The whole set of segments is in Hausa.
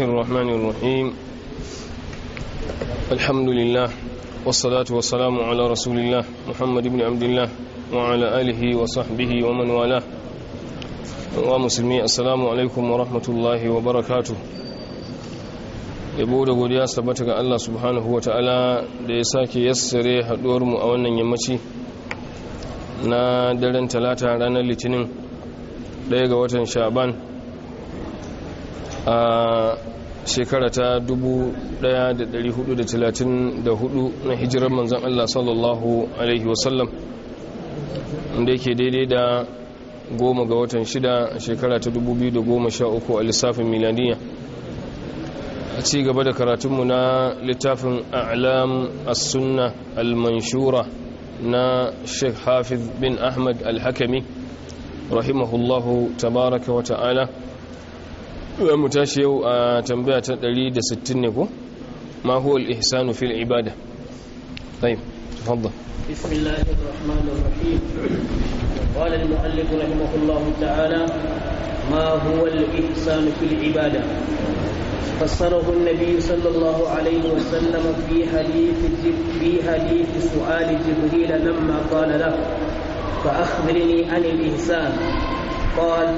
الله الرحمن الرحيم الحمد لله والصلاة والسلام على رسول الله محمد بن عبد الله وعلى آله وصحبه ومن والاه ومسلمي السلام عليكم ورحمة الله وبركاته yabo قد godiya الله سبحانه وتعالى subhanahu يسري حدور مؤونا يمشي na daren talata ranar litinin daya ga watan sha'ban a shekara ta 1434 na hijirar manzan Allah sallallahu Alaihi wasallam inda yake daidai da goma ga watan shida shekara ta 2013 a lissafin milaniya a ci gaba da karatunmu na littafin a'lam as-sunna al-manshura na sheikh hafiz bin ahmad al-hakami rahimahullahu tabaraka wa ta'ala za mu yau a tambaya ta 160 ne ko ma huwa al-ihsanu fil ibada tayyib تفضل بسم الله الرحمن الرحيم قال المؤلف رحمه الله تعالى ما هو الإحسان في العبادة فسره النبي صلى الله عليه وسلم في حديث في حديث سؤال جبريل لما قال له فأخبرني عن الانسان قال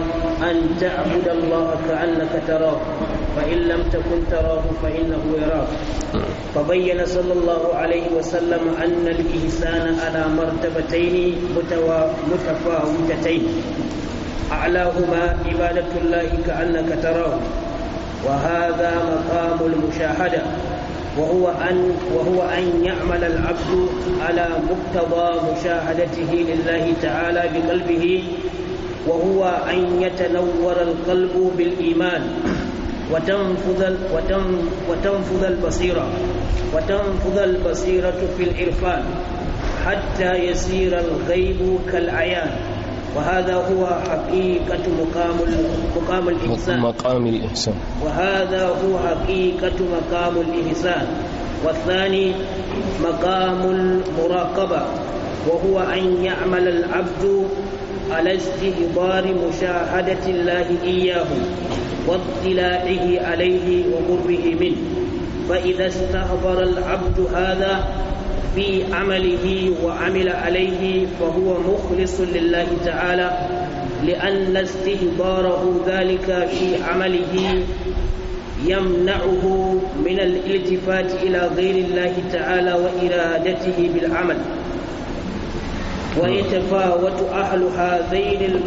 أن تعبد الله كأنك تراه فإن لم تكن تراه فإنه يراك فبين صلى الله عليه وسلم أن الإحسان على مرتبتين متفاوتتين أعلاهما عبادة الله كأنك تراه وهذا مقام المشاهدة وهو أن وهو أن يعمل العبد على مقتضى مشاهدته لله تعالى بقلبه وهو أن يتنور القلب بالإيمان وتنفذ وتنفذ البصيرة وتنفذ البصيرة في العرفان حتى يسير الغيب كالعيان وهذا هو حقيقة مقام مقام الإحسان مقام الإحسان وهذا هو حقيقة مقام الإحسان والثاني مقام المراقبة وهو أن يعمل العبد على استهبار مشاهدة الله إياه واطلاعه عليه وقربه منه فإذا استهبر العبد هذا في عمله وعمل عليه فهو مخلص لله تعالى لأن استهباره ذلك في عمله يمنعه من الالتفات إلى غير الله تعالى وإرادته بالعمل ويتفاوت أهل هذين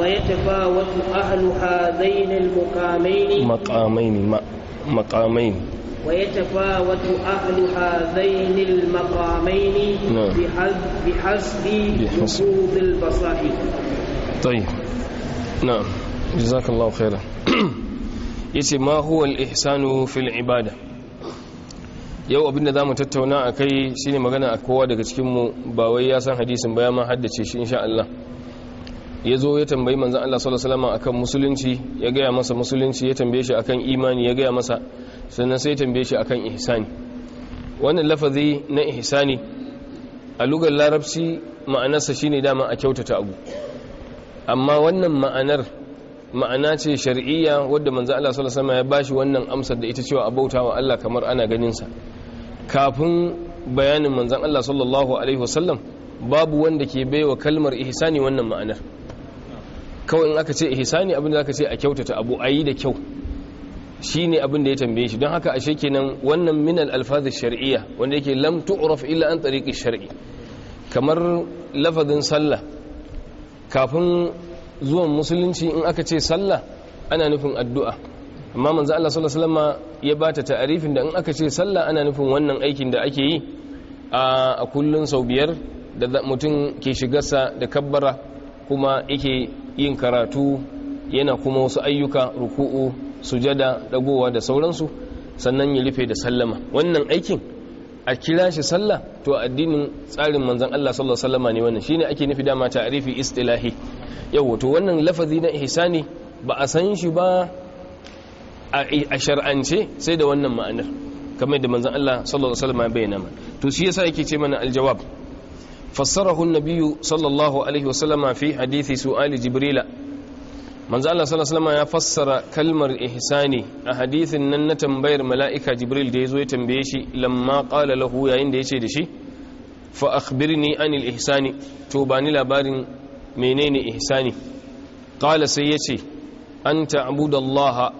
ويتفاوت أهل هذين المقامين مقامين مقامين ويتفاوت أهل هذين المقامين نعم. بحسب نفوذ البصائر طيب نعم جزاك الله خيرا يتي ما هو الإحسان في العبادة yau abinda za mu tattauna a kai shi ne magana a kowa daga cikinmu ba wai ya san hadisin ba ma haddace shi insha Allah ya zo ya tambayi manzan Allah sallallahu alaihi akan musulunci ya gaya masa musulunci ya tambaye shi akan imani ya gaya masa sannan sai ya tambaye shi akan ihsani wannan lafazi na ihsani a lugar larabci ma'anarsa shine dama a kyautata abu amma wannan ma'anar ma'ana ce shar'iyya wadda manzo Allah sallallahu alaihi wasallam ya bashi wannan amsar da ita cewa abautawa Allah kamar ana ganin sa kafin bayanin manzon Allah sallallahu alaihi wasallam babu wanda ke baiwa kalmar ihsani wannan ma'anar kawai in aka ce ihsani abin da aka ce a kyautata abu ayi da kyau shine abin da ya tambaye shi don haka ashe kenan wannan min al alfaz shar'iyya wanda yake lam tu'raf illa an tariqi shar'i kamar lafazin sallah kafin zuwan musulunci in aka ce sallah ana nufin addu'a amma manzo Allah sallallahu alaihi ya bata ta'arifin da in aka ce sallah ana nufin wannan aikin da ake yi a kullun sau biyar da mutum ke shigarsa da kabbara kuma yake yin karatu yana kuma wasu ayyuka ruku'u sujada dagowa da sauransu sannan ya rufe da sallama wannan aikin a kira shi sallah to addinin tsarin manzon Allah sallallahu alaihi wasallam ne wannan shine ake nufi dama ta'arifi istilahi yau to wannan lafazi na ihsani ba a san shi ba a shar'ance sai da wannan ma'anar kamar da manzon Allah sallallahu alaihi wasallam ya bayyana ma to shi yasa yake ce mana aljawab fassarahu an-nabiy sallallahu alaihi wasallam fi hadithi su'ali jibrila manzon Allah sallallahu alaihi wasallam ya fassara kalmar ihsani a hadithin nan na tambayar mala'ika jibril da yazo ya tambaye shi lamma qala lahu yayin da yace da shi fa akhbirni anil ihsani to bani labarin menene ihsani qala sai yace an ta'budallaha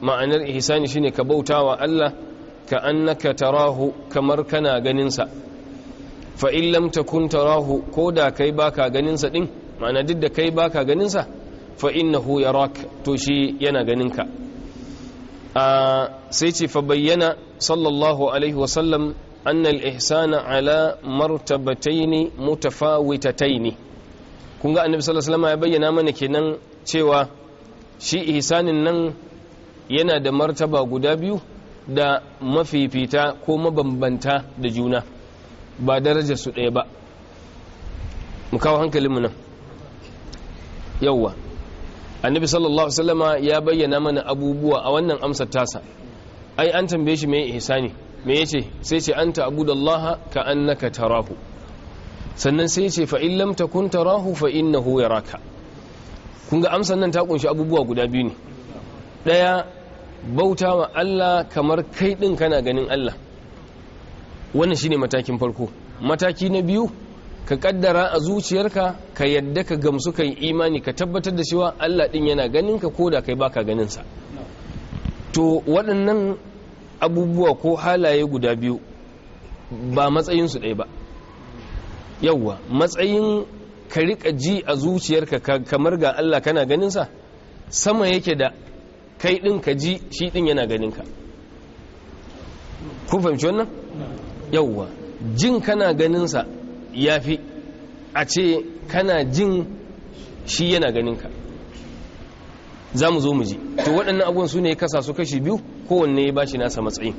ma'anar ihsani shine ka bautawa Allah ka annaka tarahu kamar kana ganin sa fa in lam takun tarahu koda kai baka ganin sa din ma'ana da kai baka ganin sa fa innahu yarak to shi yana ganin ka sai ce fa bayyana sallallahu alaihi wa sallam anna al-ihsana ala martabataini mutafawitataini kun ga annabi sallallahu alaihi wasallam ya bayyana mana kenan cewa shi ihsanin nan yana da martaba guda biyu da mafifita ko mabambanta da juna ba darajar su ɗaya ba mu kawo hankalinmu nan yawwa annabi sallallahu alaihi wasallam ya bayyana mana abubuwa a wannan amsar tasa ai an tambaye shi me ihsani me yace sai ce anta abudallaha ka annaka tarahu sannan sai ce fa in ta rahu tarahu fa ya raka. kun ga amsan nan ta kunshi abubuwa guda biyu ne Ɗaya bauta wa Allah kamar kai ɗin kana ganin Allah wannan shine matakin farko mataki na biyu ka ƙaddara a zuciyarka ka yadda ka gamsu kai imani ka tabbatar da cewa Allah ɗin yana ganin ka ko da kai baka ganin sa to waɗannan abubuwa ko halaye guda biyu ba matsayinsu su ɗaya ba yauwa matsayin ka rika ji a zuciyarka kamar ga Allah kana ganinsa sama yake da kai ɗin ka ji shi ɗin yana ganinka kun fahimci wannan yauwa jin kana ganinsa ya fi a ce kana jin shi yana ganinka za mu zo mu ji to waɗannan abubuwan su ne kasa su kashi biyu kowanne ya bashi nasa matsayin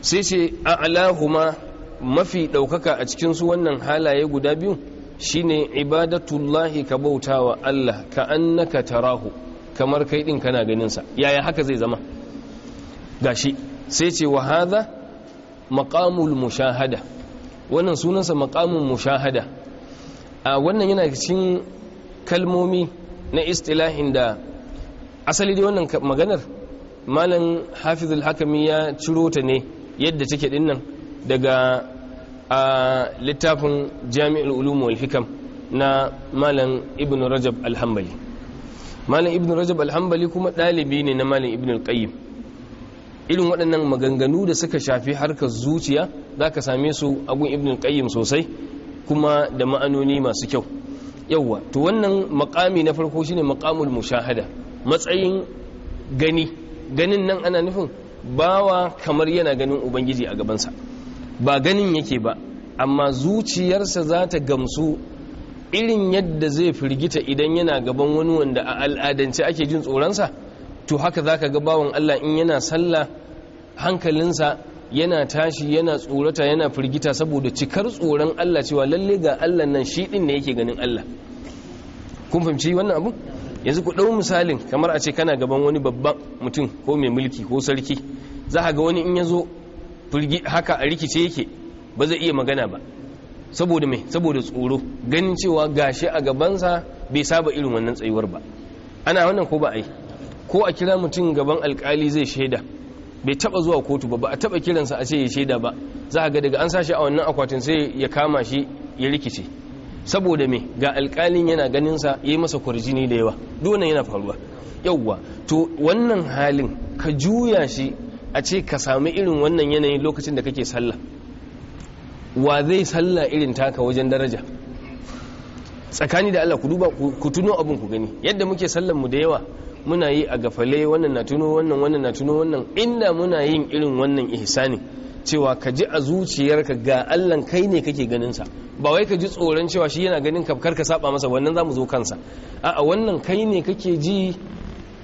sai ce a alahuma mafi ɗaukaka a cikinsu wannan halaye guda biyu shine ibadatullahi ka bautawa Allah ka annaka tarahu kamar kai din kana ganinsa yaya haka zai zama gashi sai ce wa hadha maqamul mushahada wannan sunansa maqamul mushahada a wannan yana cikin kalmomi na istilahin da asali dai wannan maganar malam hafizul hakami ya ciro ta ne yadda take dinnan daga a littafin jami'ar ulum hikam na malam ibn rajab alhambali malam ibn rajab alhambali kuma ɗalibi ne na malam ibn alƙayyim irin waɗannan maganganu da suka shafi harkar zuciya za ka same su agun ibn alƙayyim sosai kuma da ma'anoni masu kyau yauwa to wannan makami na farko shine makamul mushahada matsayin gani ganin nan ana nufin bawa kamar yana ganin ubangiji a gabansa ba ganin yake ba amma zuciyarsa za ta gamsu irin yadda zai firgita idan yana gaban wani wanda a al'adance ake jin tsoronsa to haka za ka ga bawan Allah in yana sallah hankalinsa yana tashi yana tsorata yana firgita saboda cikar tsoron Allah cewa lalle ga Allah nan shi din ne yake ganin Allah kun fahimci wannan abu yanzu ku dau misalin kamar a ce kana gaban wani babban mutum ko mai mulki ko sarki za ka ga wani in ya zo haka a rikice yake ba zai iya magana ba saboda mai saboda tsoro ganin cewa gashi a gabansa bai saba irin wannan tsayuwar ba ana wannan ko ba a yi ko a kira mutum gaban alkali zai shaida bai taba zuwa kotu ba ba a taba kiransa a ce ya shaida ba za a ga daga an sashi a wannan akwatin sai ya kama shi ya rikice saboda mai ga alkalin yana ganinsa ya yi masa kwarjini da yawa dole yana faruwa yauwa to wannan halin ka juya shi a ce ka sami irin wannan yanayi lokacin da kake sallah wa zai sallah irin taka wajen daraja tsakani da Allah ku duba ku tuno abin ku gani yadda muke sallan mu da yawa muna yi a gafale wannan na tuno wannan wannan na tuno wannan inda muna yin irin wannan ihsani cewa ka ji a zuciyarka ga Allah kai ne kake ganin sa ba wai ka ji tsoron cewa shi yana ganin ka karka ka saba masa wannan zamu zo kansa a'a wannan kai ne kake ji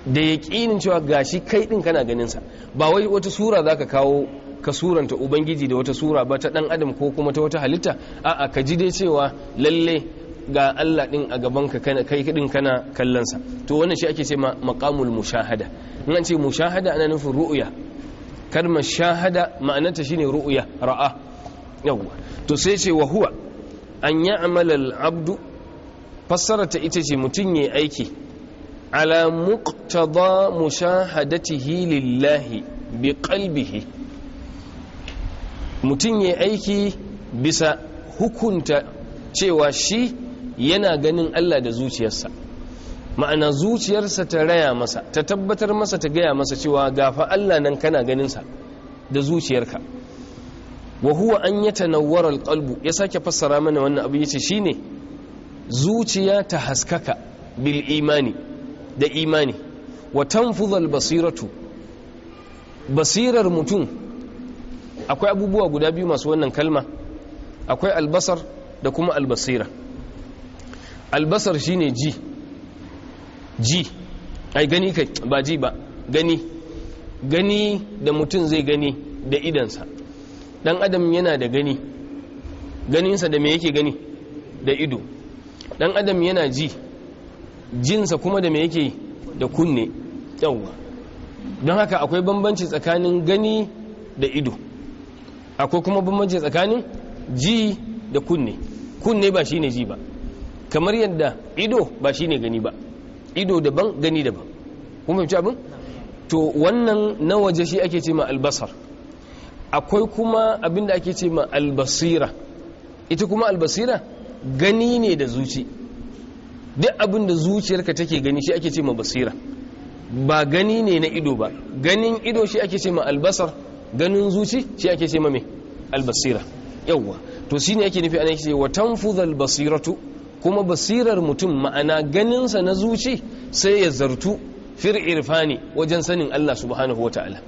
da ya yaƙinin cewa gashi kai ɗin kana ganin sa ba wai wata sura za ka kawo ka suranta ubangiji da wata sura ba ta ɗan adam ko kuma ta wata halitta a'a ka ji dai cewa lalle ga Allah ɗin a gaban ka kai ɗin kana kallonsa. to wannan shi ake ce ma maqamul mushahada in an ce mushahada ana nufin ru'uya kalmar shahada ma'anarta shine ru'uya ra'a yawwa to sai ce wa huwa an ya'mal al-abdu fassarata ita ce mutun yayi aiki ala muqtada mushahadatihi lillahi bi qalbihi mutum ya aiki bisa hukunta cewa shi yana ganin Allah da zuciyarsa ma'ana zuciyarsa ta raya masa ta tabbatar masa ta gaya masa cewa gafa Allah nan kana ganinsa da zuciyarka wa huwa an yatanawwara alqalbu ya sake fassara mana wannan abu yace shine zuciya ta haskaka bil imani da imani wa tanfudhal basiratu basirar mutum akwai abubuwa guda biyu masu wannan kalma akwai albasar da kuma albasira albasar shine ji ji ai gani kai ba ji ba gani gani da mutum zai gani da idansa dan adam yana da gani ganinsa da me yake gani da ido dan adam yana ji jinsa kuma da me yake da kunne yauwa don haka akwai bambanci tsakanin gani da ido akwai kuma bambanci tsakanin ji da kunne kunne ba shine ji ba kamar yadda ido ba shine gani ba ido daban gani daban kuma fahimci abin to wannan na waje shi ake ce ma albasar akwai kuma abinda ake ce ma albasira ita kuma albasira gani ne da zuci duk abin da zuciyarka take gani shi ake ce ma basira ba gani ne na ido ba ganin ido shi ake ce ma albasar ganin zuci shi ake ce ma me albasira yawwa to shine ake nufi ana ce wa tanfuzal basiratu kuma basirar mutum ma'ana ganinsa na zuci sai ya zartu fir irfani wajen sanin Allah subhanahu wataala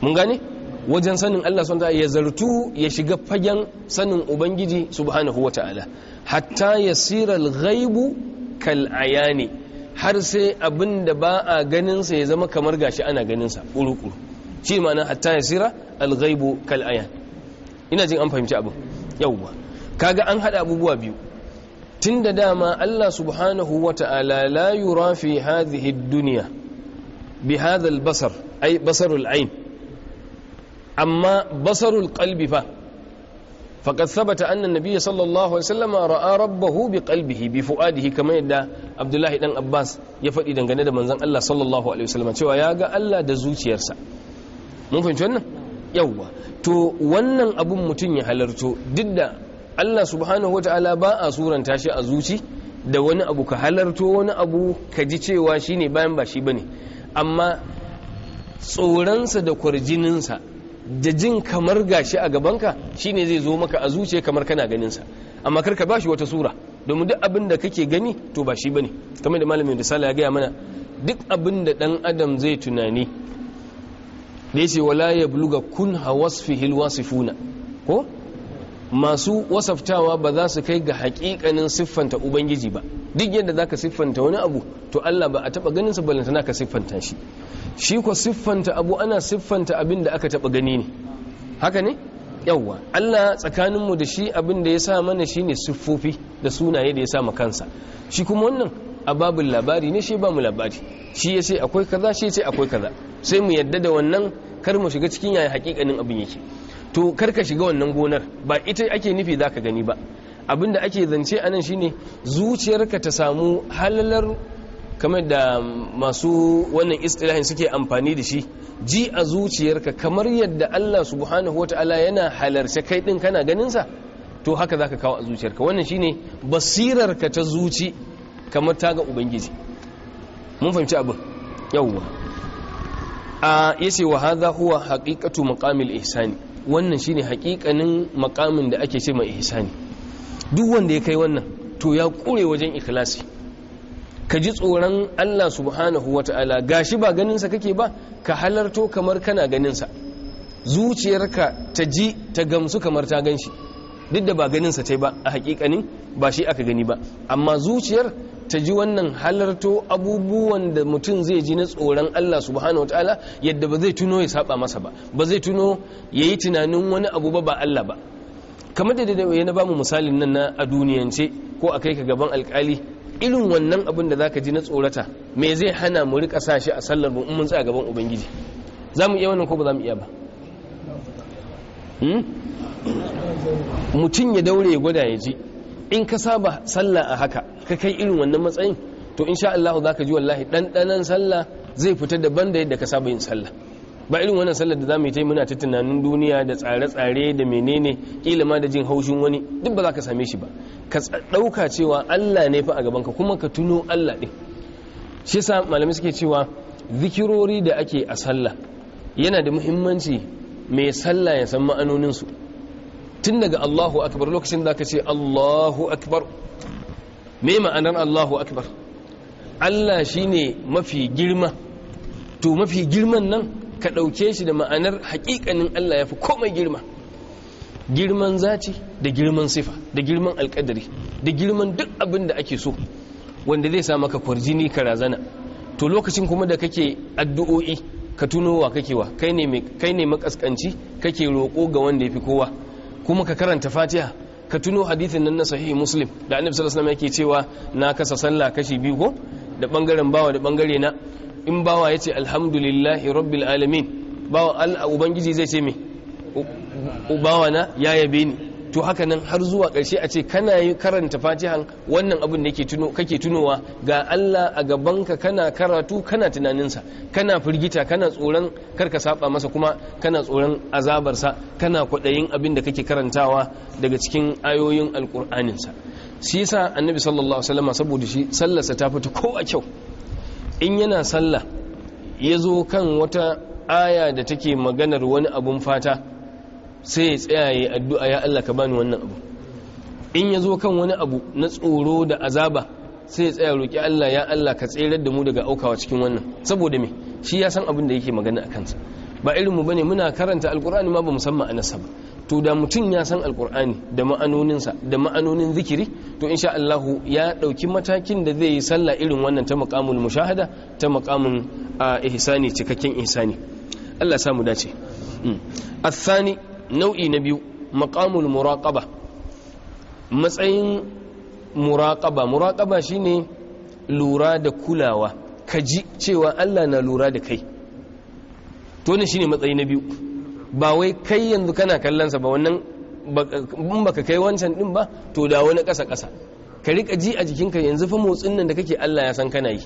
mun gane wajen sanin Allah sun ya zartu ya shiga fagen sanin Ubangiji subhanahu wa ta'ala hatta yasira al-ghaibu kal ayani har sai abinda da ba a ganin sa ya zama kamar gashi ana ganin sa kuru shi ma'ana hatta yasira al-ghaibu kal ayani ina jin an fahimci abin yawwa kaga an hada abubuwa biyu tunda dama Allah subhanahu wata'ala la yura fi hadhihi ad-dunya bi hadha al-basar ay basarul ayn amma basarul qalbi fa faqad sabata anna nabiyya sallallahu alaihi wasallam ra'a rabbahu bi qalbihi bi fuadihi kamar yadda abdullahi dan abbas ya faɗi dangane da manzan Allah sallallahu alaihi wasallam cewa ya ga Allah da zuciyarsa mun fahimci wannan yawwa to wannan abun mutum ya halarto duk da Allah subhanahu wataala ba a suranta shi a zuci da wani abu ka halarto wani abu ka ji cewa shine bayan ba shi bane amma tsoronsa da kwarjininsa da jin kamar gashi a gabanka shine zai zo maka a zuce kamar kana ganin sa amma kar ka bashi wata sura domin duk abin da kake gani to ba shi bane kamar da malamin risala ya gaya mana duk abin da dan adam zai tunani da yace wala yabluga kun hawasfihi alwasifuna ko masu wasaftawa ba za su kai ga hakikanin siffanta ubangiji ba duk yadda za ka siffanta wani abu to Allah ba a taɓa ganinsa na ka siffanta shi shi ko siffanta abu ana siffanta abin da aka taba gani ne haka ne yawwa Allah tsakaninmu da shi abin da ya sa mana shi ne siffofi da sunaye da ya sa kansa shi kuma wannan a babin labari ne shi ba mu labari shi ya ce akwai kaza shi ya ce akwai kaza sai mu yadda da wannan kar mu shiga cikin yaya hakikanin abin yake to karka shiga wannan gonar ba ita ake nufi za ka gani ba abinda ake zance a nan shine zuciyarka ta samu halalar kamar da masu wannan istilahin suke amfani da shi ji a zuciyarka kamar yadda Allah subhanahu wata'ala yana halarce kai din kana ganinsa to haka za ka kawo a zuciyarka wannan shine basirarka ta zuci kamar ta ga ubangiji mun fahimci abin yawwa a yace wa hadha huwa haqiqatu maqamil ihsani wannan shine hakikanin makamin da ake ce mai ihsani duk wanda ya kai wannan to ya kure wajen ikhlasi ka ji tsoron Allah subhanahu wata'ala gashi ba ganinsa kake ba ka halarto kamar kana ganinsa zuciyarka ta ji ta gamsu kamar ta ganshi duk da ba ganinsa ta ba a hakikanin ba shi aka gani ba amma zuciyar ta ji wannan halarto abubuwan da mutum zai ji na tsoron Allah subhanahu wataala yadda ba zai tuno ya saba masa ba ba zai tuno ya yi tunanin wani abu ba ba Allah ba kamar da ya na bamu misalin nan na a duniyance ko a kai ka gaban alkali irin wannan abin da zaka ji na tsorata me zai hana mu rika sa shi a sallar mu in mun tsaya gaban ubangiji za mu iya wannan ko ba za mu iya ba hmm? mutum ya daure ya gwada ya ji in ka saba sallah a haka ka kai irin wannan matsayin to insha Allah za ka ji wallahi ɗanɗanan sallah zai fita daban da yadda ka saba yin sallah ba irin wannan sallar da za mu yi ta muna ta tunanin duniya da tsare-tsare da menene ilima da jin haushin wani duk ba za ka same shi ba ka ɗauka cewa Allah ne fa a gaban ka kuma ka tuno Allah ɗin shi yasa malamai suke cewa zikirori da ake a sallah yana da muhimmanci mai sallah ya san ma'anoninsu tun daga Allahu akbar lokacin da ka ce Allahu akbar me ma'anar Allahu akbar Allah shi ne mafi girma to mafi girman nan ka ɗauke shi da ma'anar haƙiƙanin Allah ya fi komai girma girman zaci da girman sifa da girman alƙadari da girman duk abin da ake so wanda zai sa maka kwarjini ka razana to lokacin kuma da kake addu'o'i ka tunowa kakewa kai ne makaskanci kake roƙo ga wanda ya fi kowa kuma ka karanta fatiha ka tuno hadithin nan na sahihi muslim da annabi sallallahu alaihi yake cewa na kasa sallah kashi biyu ko da bangaren bawa da bangare na in bawa yace alhamdulillahi rabbil alamin bawa al ubangiji zai ce me ubawa na ya yabe ni to haka nan har zuwa ƙarshe a ce kana yi karanta fatihan wannan abin da kake tunowa ga Allah a gabanka kana karatu kana tunaninsa kana firgita kana tsoron karka saba masa kuma kana tsoron azabarsa kana kwaɗayin abin da kake karantawa daga cikin ayoyin alƙur'aninsa shi yasa annabi sallallahu alaihi saboda shi sallarsa ta fita ko a kyau in yana sallah ya zo kan wata aya da take maganar wani abun fata sai ya tsayaye addu'a ya Allah ka bani wannan abu in ya zo kan wani abu na tsoro da azaba sai ya tsaya roƙi Allah ya Allah ka tserar da mu daga aukawa cikin wannan saboda me shi ya san abin da yake magana a kansa ba irin mu bane muna karanta alkur'ani ma ba musamman a nasaba to da mutum ya san alkur'ani da ma'anoninsa da ma'anonin zikiri to insha Allah ya ɗauki matakin da zai yi sallah irin wannan ta maqamul mushahada ta maqamun ihsani cikakken ihsani Allah ya samu dace الثاني hmm. nau'i na biyu maqamul muraqaba matsayin muraqaba muraqaba shine lura da kulawa kaji cewa Allah na lura da kai to ne shine matsayi na biyu ba wai kai yanzu kana kallonsa ba wannan in baka kai wancan din ba to da wani ƙasa ƙasa ka rika ji a jikinka yanzu fa motsin nan da kake Allah ya san kana yi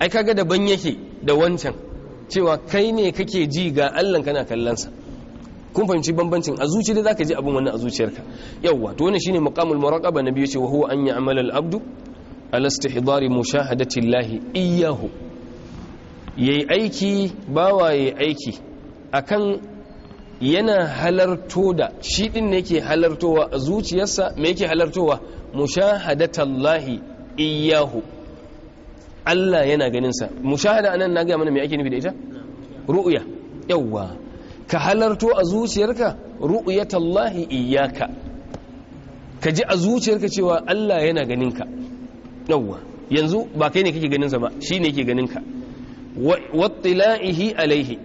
ai kaga daban yake da wancan cewa kai ne kake ji ga Allah kana kallonsa kun fahimci bambancin a zuci da zaka ji abin wannan a zuciyarka yawwa to wannan shine maqamul muraqaba nabi yace wa huwa an ya'mal al abdu ala istihdari mushahadati llahi iyyahu yayi aiki bawa yayi aiki akan yana halarto da shi din ne yake halartowa a zuciyarsa me yake halartowa mushahadatallahi iyahu. Allah yana ganin sa mushahada anan na gaya mana me ake nufi da ita ru'ya yawwa ka halarto a zuciyarka ru'uyatallahi iyyaka ka ji a zuciyarka cewa Allah yana ganinka yawwa yanzu ba kai ne kake ganinsa ba shine yake ganinka wa wattila'ihi alaihi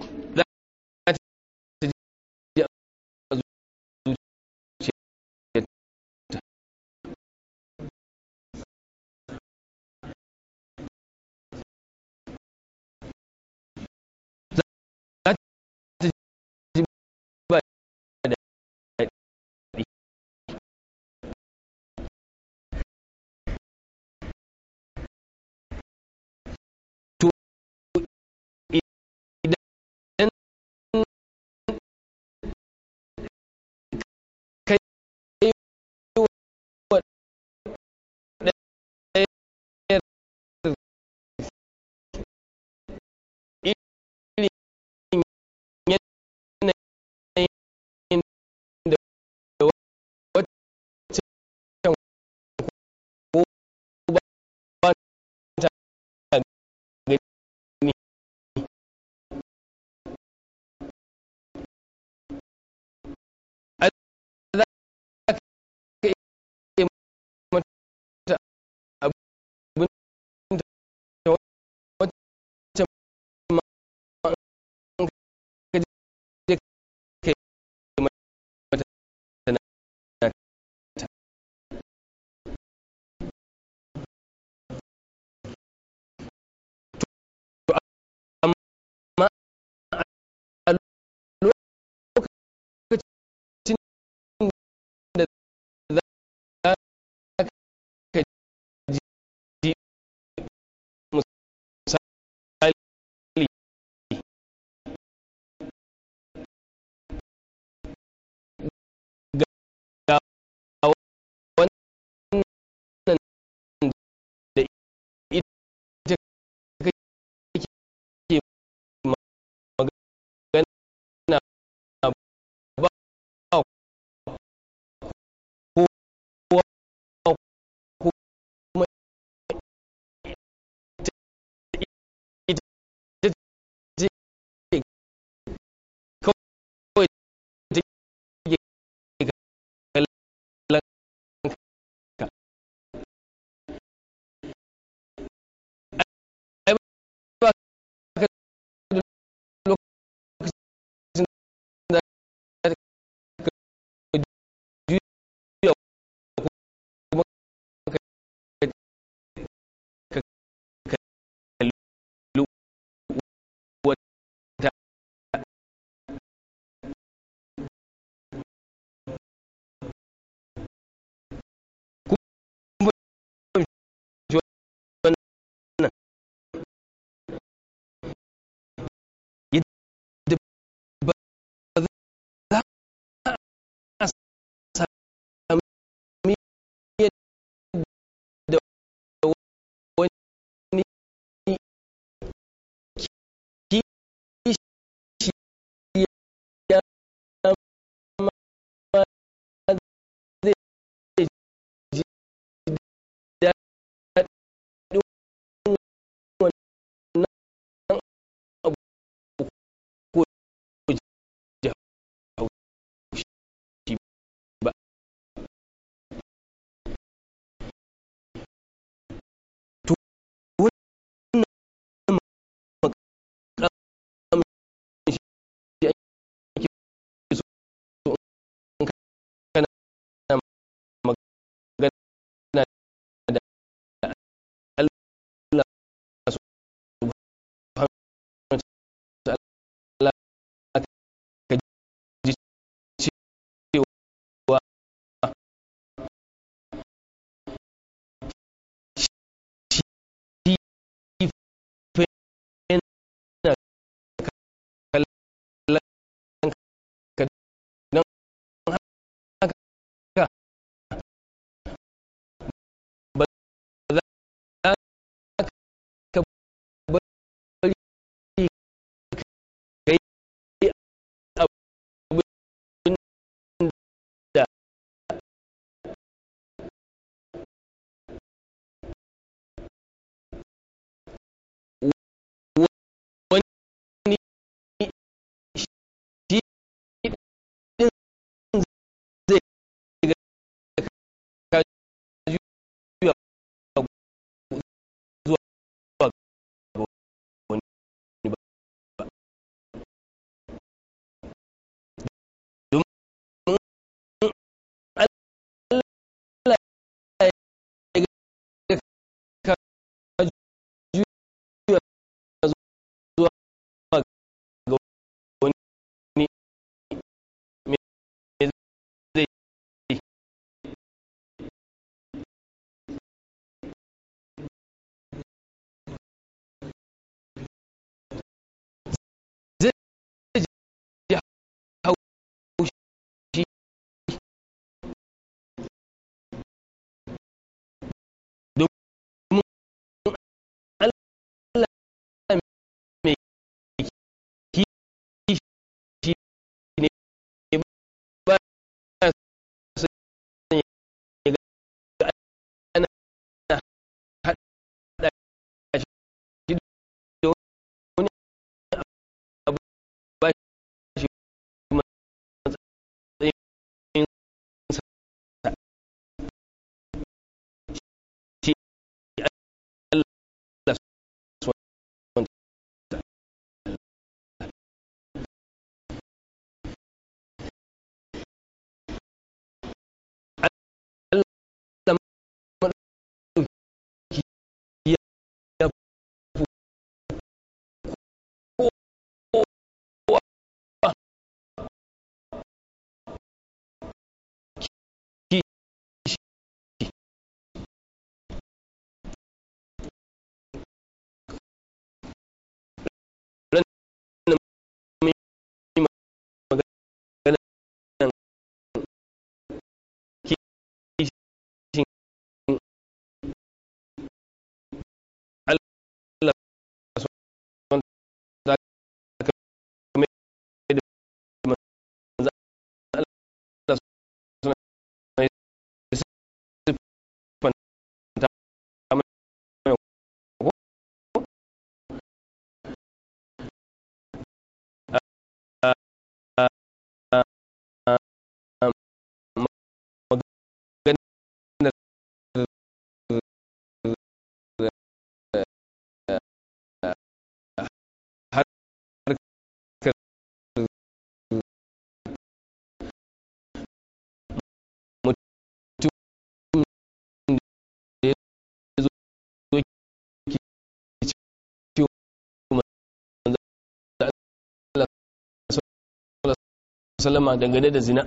sallama dangane da zina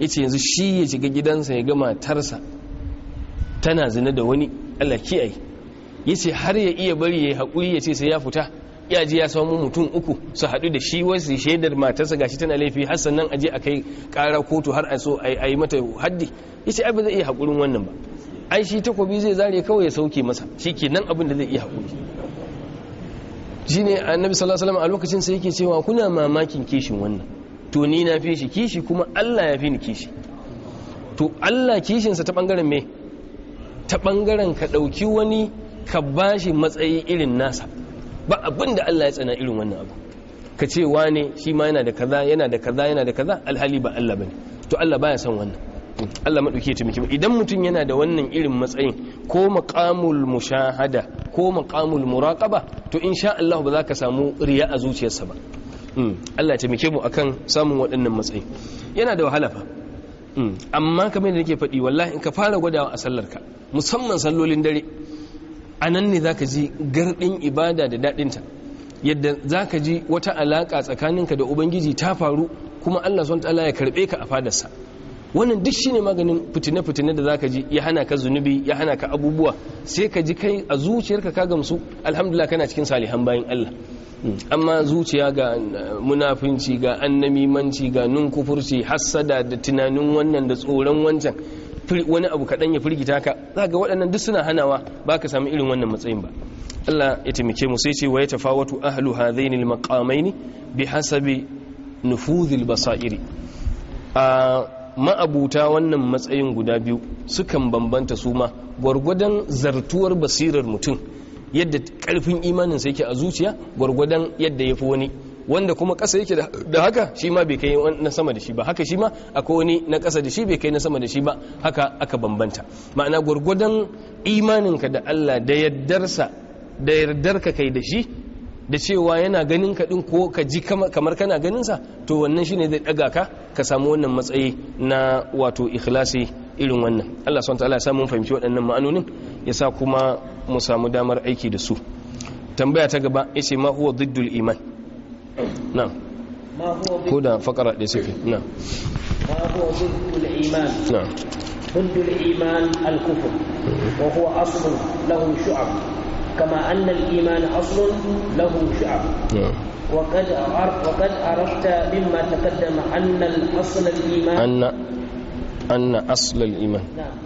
yace yanzu shi ya shiga gidansa ya ga matarsa tana zina da wani Allah kiyaye yace har ya iya bari ya hakuri ce sai ya fita ya ji ya samu mutum uku su haɗu da shi wasu shaidar matarsa gashi tana laifi har sannan aje a kai ƙara kotu har a so a yi mata haddi yace ce abin zai iya haƙurin wannan ba ai shi takobi zai zare kawai ya sauke masa shi ke nan abin da zai iya hakuri shine annabi sallallahu alaihi wasallam a lokacin sai yake cewa kuna mamakin kishin wannan to ni na fi shi kishi kuma Allah ya fi ni kishi to Allah kishinsa ta ɓangaren me ta ɓangaren ka ɗauki wani ka bashi matsayi irin nasa ba abin da Allah ya tsana irin wannan abu ka ce wane shi ma yana da kaza yana da kaza yana da kaza alhali ba Allah bane to Allah baya son wannan Allah maɗauki ya taimaki ba idan mutum yana da wannan irin matsayin ko maqamul mushahada ko maqamul muraqaba to insha Allah ba za ka samu riya a zuciyarsa ba Mm. Allah ta muke mu akan samun waɗannan matsayi yana da wahala fa mm. amma kamar da nake faɗi wallahi in ka fara gwadawa a sallar ka, musamman sallolin dare a nan ne zaka ji gardin ibada da daɗinta yadda zaka ji wata alaƙa tsakaninka da ubangiji ta faru kuma Allah subhanahu ta'ala ya karɓe ka a fadarsa wannan duk shine maganin fitine-fitine da zaka ji ya hana ka zunubi ya hana ka abubuwa sai ka ji kai a zuciyarka ka gamsu alhamdulillah kana cikin salihan bayan Allah amma zuciya ga eh, munafinci ga annamimanci ga nunkufurci hassada da tunanin wannan da tsoron wancan wani abu kaɗan ya firgita ka za ga waɗannan duk suna hanawa ba ka sami irin wannan matsayin ba Allah ya taimake mu sai ce wa ya tafawatu ahlu hadhaini al-maqamaini bi hasabi nufuzil basairi a ma'abuta wannan matsayin guda biyu sukan bambanta su ma gwargwadon zartuwar basirar mutum yadda karfin imanin sa yake a zuciya gwargwadon yadda ya fi wani wanda kuma ƙasa yake da haka shi ma bai kai na sama da shi ba haka shi ma akwai wani na ƙasa da shi bai kai na sama da shi ba haka aka bambanta ma'ana gwargwadon imaninka da Allah da yardarsa da yardarka kai da shi da cewa yana ganin ka din ko ka ji kamar kana ganin sa to wannan shine zai daga ka ka samu wannan matsayi na wato ikhlasi irin wannan Allah subhanahu wa ta'ala ya samu fahimci waɗannan ma'anonin yasa kuma mu samu damar aiki da su tambaya ta gaba ya ce ma huwa ziddul iman na ko da fakara da suke na ma huwa ziddul iman na ziddul iman al-kufr wa huwa aslun lahu shu'ab kama anna كما أن الإيمان أصل له شعب وقد عرف وقد عرفت مما تقدم أن الأصل الإيمان أن أن أصل الإيمان نعم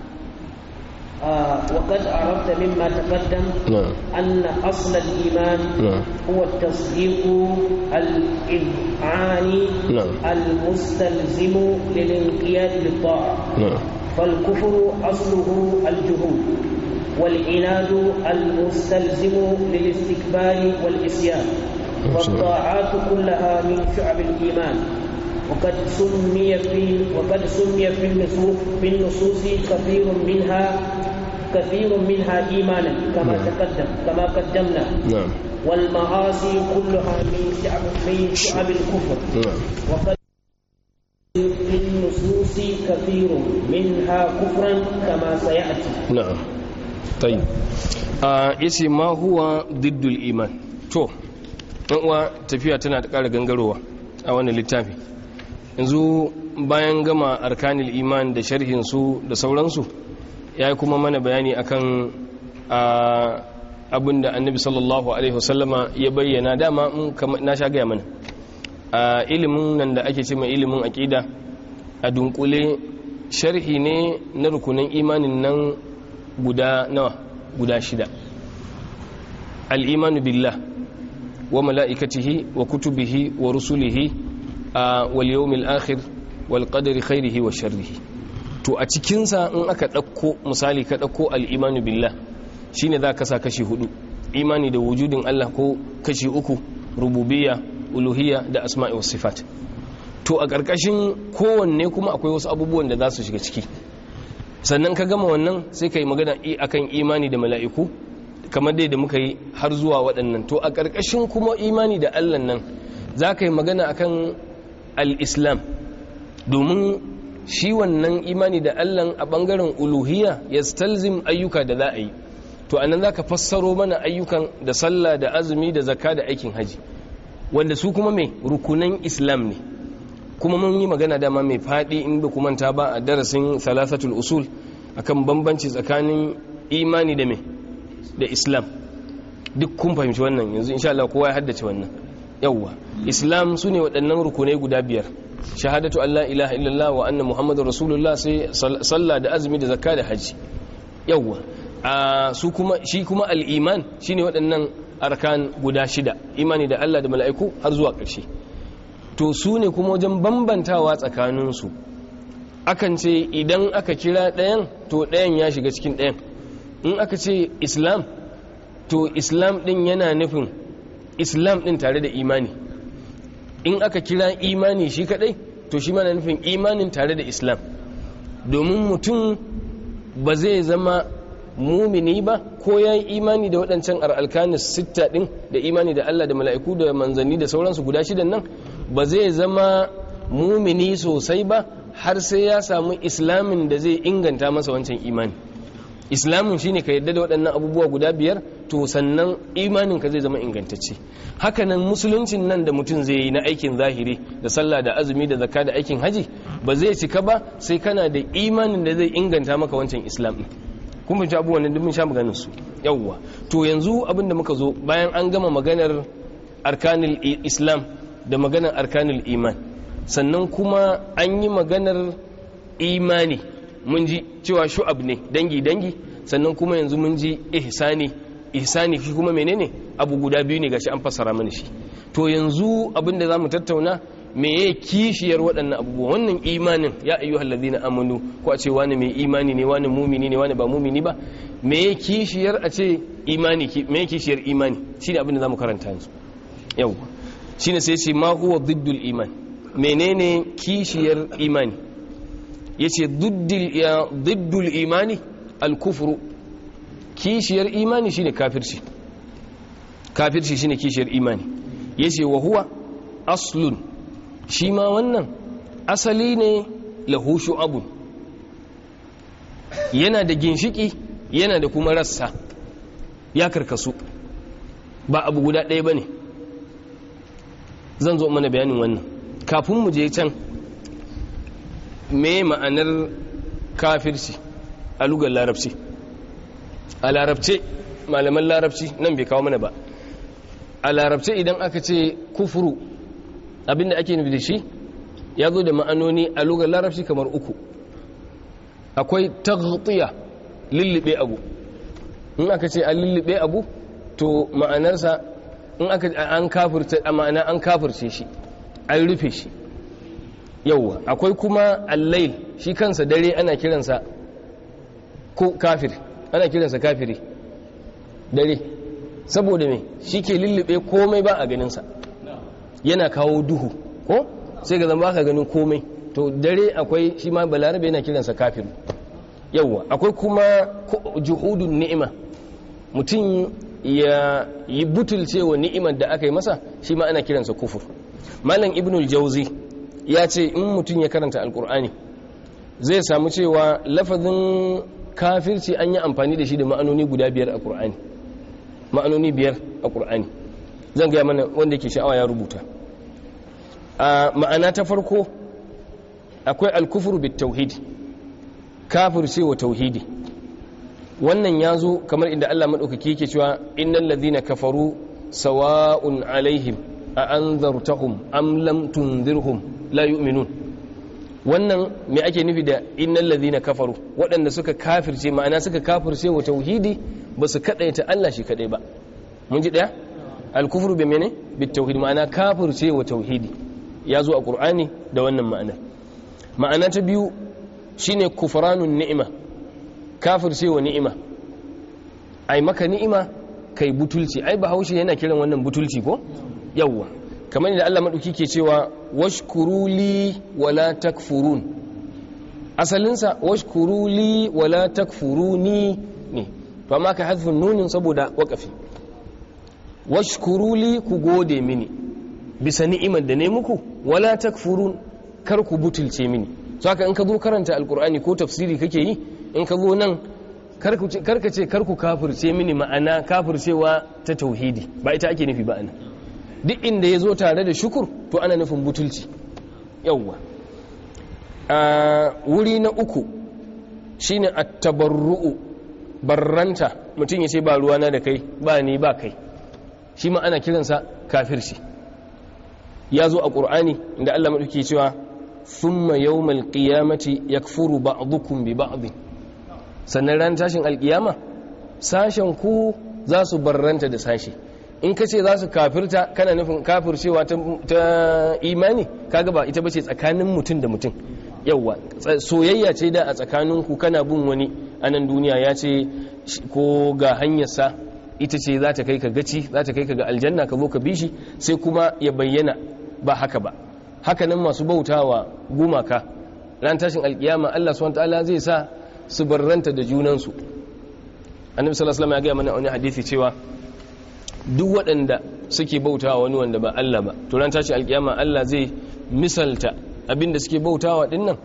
آه، وقد عرفت مما تقدم نعم. أن أصل الإيمان نعم. هو التصديق الإذعاني نعم. المستلزم للانقياد للطاعة نعم. فالكفر أصله الجهود والعناد المستلزم للاستكبار والإسيان نعم. والطاعات كلها من شعب الإيمان وقد سمي في وقد سمي في النصوص في النصوص كثير منها كثير منها إيمانا كما نعم. تقدم كما قدمنا نعم. والمعاصي كلها من شعب من شعب الكفر نعم. وقد في النصوص كثير منها كفرا كما سيأتي نعم طيب آه اسم ما هو ضد الإيمان تو uwa tafiya tana da ƙara a wannan yanzu bayan gama arkanil iman da sharhinsu da sauransu ya yi kuma mana bayani akan abin da annabi sallallahu alaihi wasallama ya bayyana dama na sha gaya mana ilimin nan da ake ce ilimin aƙida a dunkule sharhi ne na rukunin imanin nan guda nawa guda shida al'imanu billah wa mala'ikatihi wa kutubihi wa rusulihi A yawmil akhir wal qadri khairihi wa sharrihi to a cikin sa in aka dauko misali ka dauko al imanu billah shine za ka sa kashi hudu imani da wujudin Allah ko kashi uku rububiyya uluhiyya da asma'i was sifat to a ƙarƙashin kowanne kuma akwai wasu abubuwan da za su shiga ciki sannan ka gama wannan sai kai yi magana akan imani da mala'iku kamar dai da muka yi har zuwa waɗannan to a ƙarƙashin kuma imani da allah nan za ka yi magana akan al'islam domin shi wannan imani da allan a bangaren uluhiyya ya stalzim ayyuka da za a yi to anan zaka fassaro mana ayyukan da sallah da azumi da zaka da aikin haji wanda su kuma mai rukunan islam ne kuma mun yi magana dama mai faɗi in ba kuma ta ba a darasin salasatul usul kan bambanci tsakanin imani da mai da islam duk kun fahimci wannan yanzu insha Allah kowa ya haddace wannan yawwa islam su ne waɗannan rukunai guda biyar shahadatu allah ilaha illallah wa anna muhammadu rasulullah sai sallah da azumi da zakka da hajji yawwa su kuma shi kuma al'iman shi ne waɗannan arkan guda shida imani da allah da mala'iku har zuwa ƙarshe to su ne kuma wajen bambantawa tsakaninsu akan ce idan aka kira ɗayan to ɗayan ya shiga cikin ɗayan in aka ce islam to islam ɗin yana nufin islam din tare da imani in aka kira imani shi kadai to shi mana nufin imanin tare da islam domin mutum ba zai zama mumini ba ko ya yi imani da waɗancan alkanis sitta ɗin da imani da Allah da mala'iku da manzanni da sauransu guda shidan nan ba zai zama mumini sosai ba har sai ya samu islamin da zai inganta masa wancan imani islamin shine ka yarda da waɗannan abubuwa guda biyar to sannan imanin ka zai zama ingantacce hakanan musuluncin nan da mutum zai yi na aikin zahiri da sallah da azumi da zakka da aikin haji ba zai cika ba sai kana da imanin da zai inganta maka wancan islam kuma kun abubuwan nan mun sha maganin su yawwa to yanzu abin da muka zo bayan an gama maganar arkanul islam da maganar arkanul iman sannan kuma an yi maganar imani mun ji cewa shu'ab ne dangi dangi sannan kuma yanzu mun ji ihsani ihsani shi kuma menene abu guda biyu ne gashi an fassara mana shi to yanzu abin da zamu tattauna ya kishiyar waɗannan abubuwa wannan imanin ya ayyuhal ladina amanu ko a ce wani mai imani ne wani mumini ne wani ba mumini ba ya kishiyar a ce imani ya kishiyar imani shine abin da zamu karanta yanzu yau shine sai ce ma huwa ziddul iman menene kishiyar imani yace duddul imani al-kufru kishiyar imani shine kafirci kafirci shine kishiyar imani yace wa huwa aslun shi ma wannan asali ne lahushu abun yana da ginshiki yana da kuma rassa ya karkasu ba abu guda ɗaya bane zan zo mana bayanin wannan kafin mu je can me ma'anar kafirci a lugar larabci a larabce malaman larabci nan bai kawo mana ba a larabce idan aka ce kufuru abinda ake nufi da shi ya zo da ma'anoni a lugar larabci kamar uku akwai taghtiya lullube abu in aka ce a lullube abu to ma'anarsa in aka an kafirta ma'ana an kafirce shi an rufe shi yauwa akwai kuma allail shi kansa dare ana kiransa ko kafir ana kiransa kafiri dare saboda me shi ke lullube komai ba a ganinsa yana kawo duhu ko sai ga zama ka ganin komai to dare akwai shi ma balarabe yana kiransa kafir yauwa akwai kuma juhudun ni'ima mutum ya yi butulcewa ni'imar da aka yi masa shi ma ana kiransa kufur malam ibnul jauzi ya ce in mutum ya karanta alkur'ani zai samu cewa lafazin kafirci an yi amfani da shi da ma'anoni guda biyar a ƙur'ani ma'anoni biyar a ƙur'ani zan gaya mana wanda ke sha'awa ya rubuta a ma'ana ta farko akwai al-kufur bit tauhidi kafirce wa tauhidi wannan ya zo kamar inda Allah maɗaukaki yake cewa innal lazina kafaru sawa'un alaihim a anzartahum am lam tunzirhum la yu'minun wannan me ake nufi da innal ladhina kafaru waɗanda suka kafirce ma'ana suka kafirce wa tauhidi ba su kadaita Allah shi kadai ba mun ji daya al-kufru bi mene bi tauhid ma'ana kafirce wa tauhidi ya zo a qur'ani da wannan ma'ana ma'ana ta biyu shine kufranun ni'ima kafirce wa ni'ima ai maka ni'ima kai butulci ai bahaushe yana kiran wannan butulci ko yawwa kamar da Allah maɗauki ke cewa washkuruli wala takfurun asalinsa washkuruli wala takfuruni ne to amma ka haifin nunin saboda wakafi washkuruli ku gode mini bisa ni'imar da ne muku wala takfurun kar ku butulce mini haka in ka zo karanta alkur'ani ko tafsiri kake yi in ka zo nan karka ce karku kafirce mini ma'ana kafircewa ta tauhidi ba ita ake nufi ba anan duk inda ya zo tare da shukur to ana nufin butulci yauwa a wuri na uku shine a tabarruu barranta mutum ya ce ba ruwa na da kai ba ni ba kai shi ma ana kiransa kafirci ya zo a ƙur'ani inda Allah maɗauki cewa ya furu ba a ba'dukum bi ba ba'd sannan ran tashin alƙiyama sashen ku za su barranta da sashe? in ka ce za su kafirta kana nufin kafircewa ta imani kaga ba ita bace tsakanin mutum da mutum yauwa soyayya ce da a tsakanin tsakaninku kana bin wani a nan duniya ya ce ko ga hanyarsa ita ce za ta kai ka gaci za ta kai ka ga aljanna ka zo ka bi shi sai kuma ya bayyana ba haka ba haka nan masu bautawa gumaka ran tashin alkiyama Allah subhanahu ta'ala zai sa su barranta da junansu annabi sallallahu alaihi wasallam ya ga mana wani hadisi cewa duk waɗanda suke bautawa wani wanda ba Allah ba to ran tashi alkiyama Allah zai misalta abinda suke bautawa wa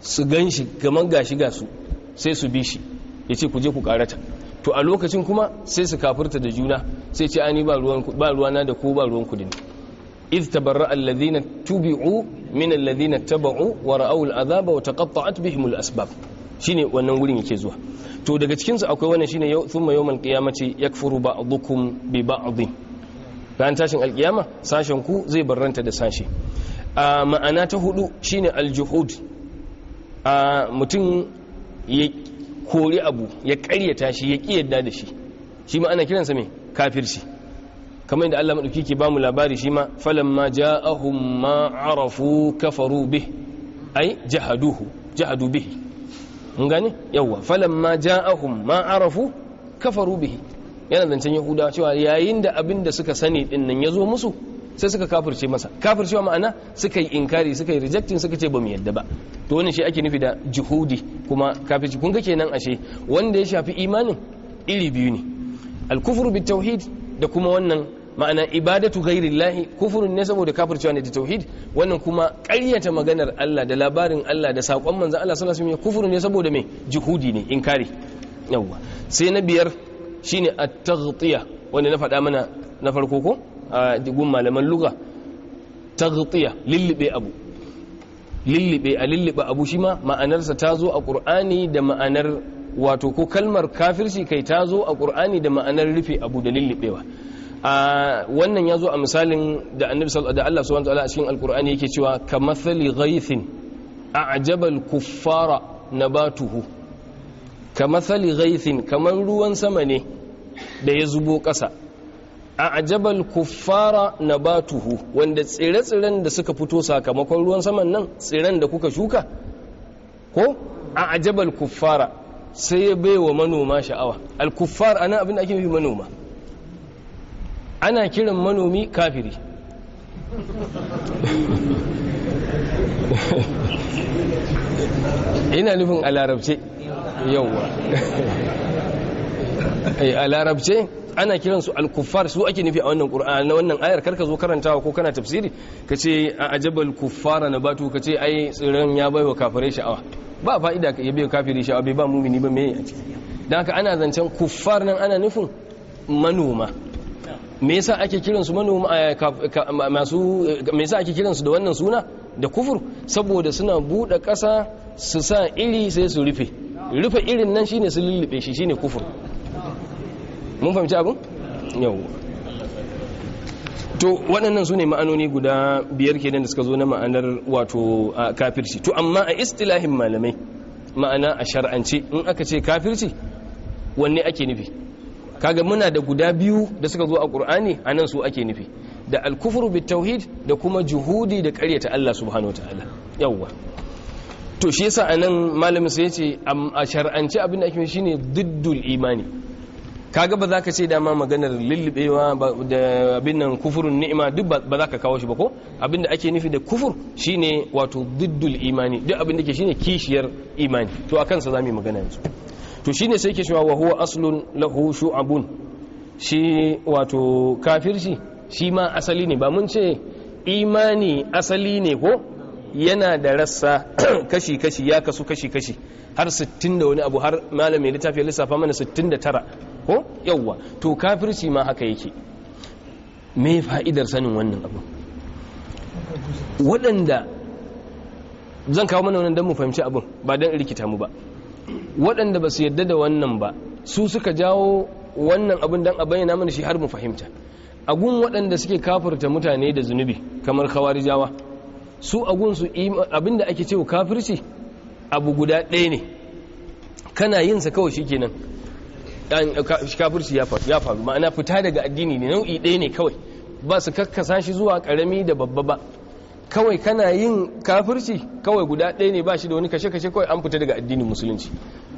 su ganshi kamar gashi ga su sai su bi shi yace ku je ku karata to a lokacin kuma sai su kafirta da juna sai ce ani ba ruwan ba ruwana da ku ba ruwan ku din alladhina tubi'u min alladhina من wa اتبعوا al'azaba wa taqatta'at bihim al'asbab shine wannan wurin yake zuwa to daga cikin su akwai wannan shine thumma yawmal qiyamati yakfuru ba'dukum bi ba'd ran tashin alkiyama sashen ku zai barranta da sashi a ma'ana ta hudu shine aljuhud a mutum ya kori abu ya karyata shi ya ƙi yadda da shi shi ma ana kiransa mai kafirci kamar yadda Allah madauki ke bamu labari shi ma falamma ja'ahum ma arafu kafaru bih ai jahaduhu jahadu bihi gani gane yawwa ma ja'ahum ma arafu kafaru bihi yana zancen yahuda cewa yayin da abin da suka sani din nan ya zo musu sai suka kafirce masa kafircewa ma'ana suka yi inkari suka yi rejectin suka ce ba mu yadda ba to wani shi ake nufi da jihudi kuma kafirci kun ga kenan ashe wanda ya shafi imanin iri biyu ne alkufur bi tauhid da kuma wannan ma'ana ibadatu ghairillahi kufurun ne saboda kafircewa ne da tauhid wannan kuma ƙaryata maganar Allah da labarin Allah da saƙon manzon Allah sallallahu alaihi wasallam kufurun ne saboda me juhudi ne inkari yawwa sai na biyar shine at-taghtiya wanda na faɗa mana na farko ko a gun malaman lugha taghtiya lillibe abu lillibe a lillibe abu shi ma ma'anarsa ta zo a qur'ani da ma'anar wato ko kalmar kafirci kai ta zo a qur'ani da ma'anar rufe abu da lillibewa a wannan ya zo a misalin da annabi da Allah subhanahu a cikin alkur'ani yake cewa kamathali ghaythin a'jaba al-kuffara nabatuhu kamathali ghaythin kamar ruwan sama ne da ya zubo ƙasa a'jaba al-kuffara nabatuhu wanda tsire-tsiren da suka fito sakamakon ruwan saman nan tsiren da kuka shuka ko a'jaba al-kuffara sai ya baiwa manoma sha'awa al-kuffar ana abin da ake yi manoma ana kiran manomi kafiri ina nufin a larabce yauwa eh, a larabce ana kiransu al-kuffar su ake nufi a wannan qur'ani na wannan ayar karka zo karantawa ko kana tafsiri kace a ajabal kuffara nabatu kace ai tsiran ya baiwa kafirai sha'awa ba fa'ida ka yabe kafiri sha'awa bai ba mumini ba me a ciki dan haka ana zancen kuffar nan ana nufin manoma me yasa ake kiransu manoma eh, masu eh, me ake kiransu da wannan suna da kufur saboda suna bude ƙasa su sa iri sai su rufe rufe irin nan shine su lullube shi shine kufur mun fahimci abin yau to waɗannan su ne ma'anoni guda biyar kenan da suka zo na ma'anar wato kafirci to amma a istilahin malamai ma'ana a shar'ance in aka ce kafirci wanne ake nufi kaga muna da guda biyu da suka zo a qur'ani anan su ake nufi da alkufru bit tauhid da kuma juhudi da ƙaryata Allah subhanahu wataala yawwa to shi yasa anan malamin sai yace a shar'anci abin da ake shi ne diddul imani kaga ba za ka ce dama maganar lullubewa da abin nan kufurun ni'ima duk ba za ka kawo shi ba ko abin da ake nufi da kufur shine wato diddul imani duk abin da ke shine kishiyar imani to akan sa mu yi magana yanzu to shine sai ke cewa wa huwa aslun lahu shu'abun shi wato kafirci shi ma asali ne ba mun ce imani asali ne ko yana da rassa kashi-kashi ya kasu kashi-kashi har 60 da wani abu har malamin littafi lissafa mana 69 ko yawwa to kafirci ma haka yake me fa'idar sanin wannan abu waɗanda zan kawo mana wannan don mu fahimci abin ba don rikita mu ba waɗanda ba su yarda da wannan ba su suka jawo wannan abin dan a bayyana mana shi har mu fahimta agun waɗanda suke kafirta mutane da zunubi kamar jawa su agun su abin da ake cewa kafirci abu guda ɗaya ne kana yin sa kawai shikenan kafirci ya faru ma'ana fita daga addini ne nau'i ɗaya ne kawai ba su kakkasa shi zuwa ƙarami da babba ba kawai kana yin kafirci kawai guda ɗaya ne ba shi da wani kashe-kashe kawai an fita daga addinin musulunci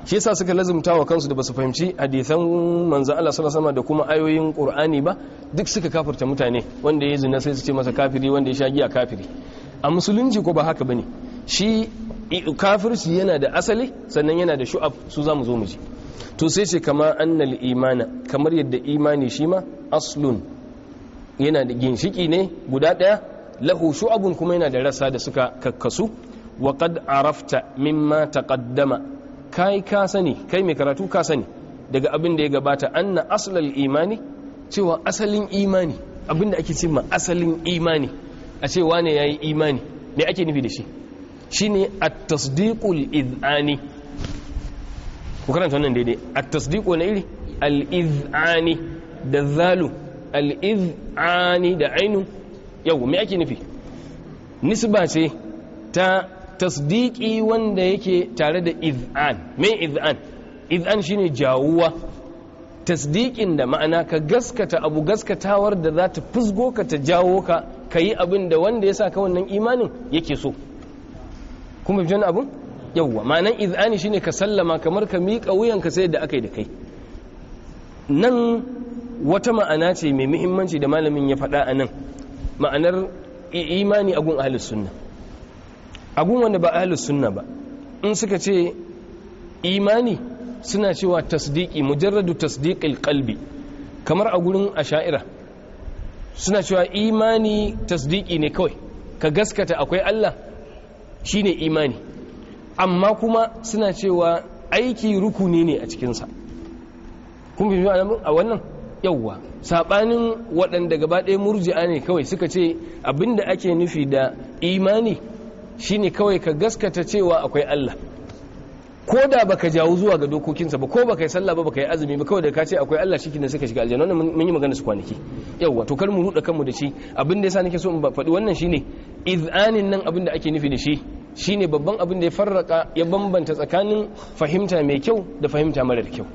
shi yasa suka lazumta wa kansu da basu fahimci hadisan manzo Allah sallallahu alaihi da kuma ayoyin Qur'ani ba duk suka kafirta mutane wanda ya zina sai su ce masa kafiri wanda ya sha giya kafiri a musulunci ko ba haka bane shi kafirci yana da asali sannan yana da shu'ab su zamu zo mu ji to sai ce kama annal imana kamar yadda imani shi ma aslun yana da ginshiki ne guda daya lahu shu'abun kuma yana da rasa da suka kakkasu wa qad arafta mimma taqaddama kai ka sani kai mai karatu ka sani daga abin da ya gabata anna aslal imani cewa asalin imani abin da ake cewa asalin imani a ce wane yayi imani me ake nufi da shi shine at-tasdiqul idani ku karanta wannan daidai at na iri al izani da zalu al izani da ainu yau me ake nufi nisba ce ta tasdiki wanda yake tare da iz'an mai iz'an iz'an shine jawuwa tasdikin da ma'ana ka gaskata abu gaskatawar da za ta fusgo ka ta jawo ka ka yi abin da wanda ya sa ka wannan imanin yake so kuma fi abun yawwa ma'anan iz'ani shine ka sallama kamar ka miƙa wuyan ka sai da aka yi da kai nan wata ma'ana ce mai muhimmanci da malamin ya faɗa a nan ma'anar imani agun ahalus sunna agun wanda ba ahalus sunna ba in suka ce imani suna cewa tasdiki mujarradu tasdiqil qalbi kamar a gurin asha'ira suna cewa imani tasdiki ne kawai ka gaskata akwai Allah shine imani amma kuma suna cewa aiki rukuni ne a cikinsa kun fi a wannan yauwa sabanin waɗanda gaba ɗaya murji'a ne kawai suka ce abinda ake nufi da imani shine kawai ka gaskata cewa akwai Allah ko da baka jawo zuwa ga dokokinsa ba ko baka yi sallah ba baka yi azumi ba kawai da ka ce akwai Allah shi ne suka shiga aljanna wannan mun yi magana su kwanaki yawa to kar mu ruda kanmu da shi abin da yasa nake so in ba faɗi wannan shine izanin nan abin da ake nufi da shi shine babban abin da ya farraka ya bambanta tsakanin fahimta mai kyau da fahimta marar kyau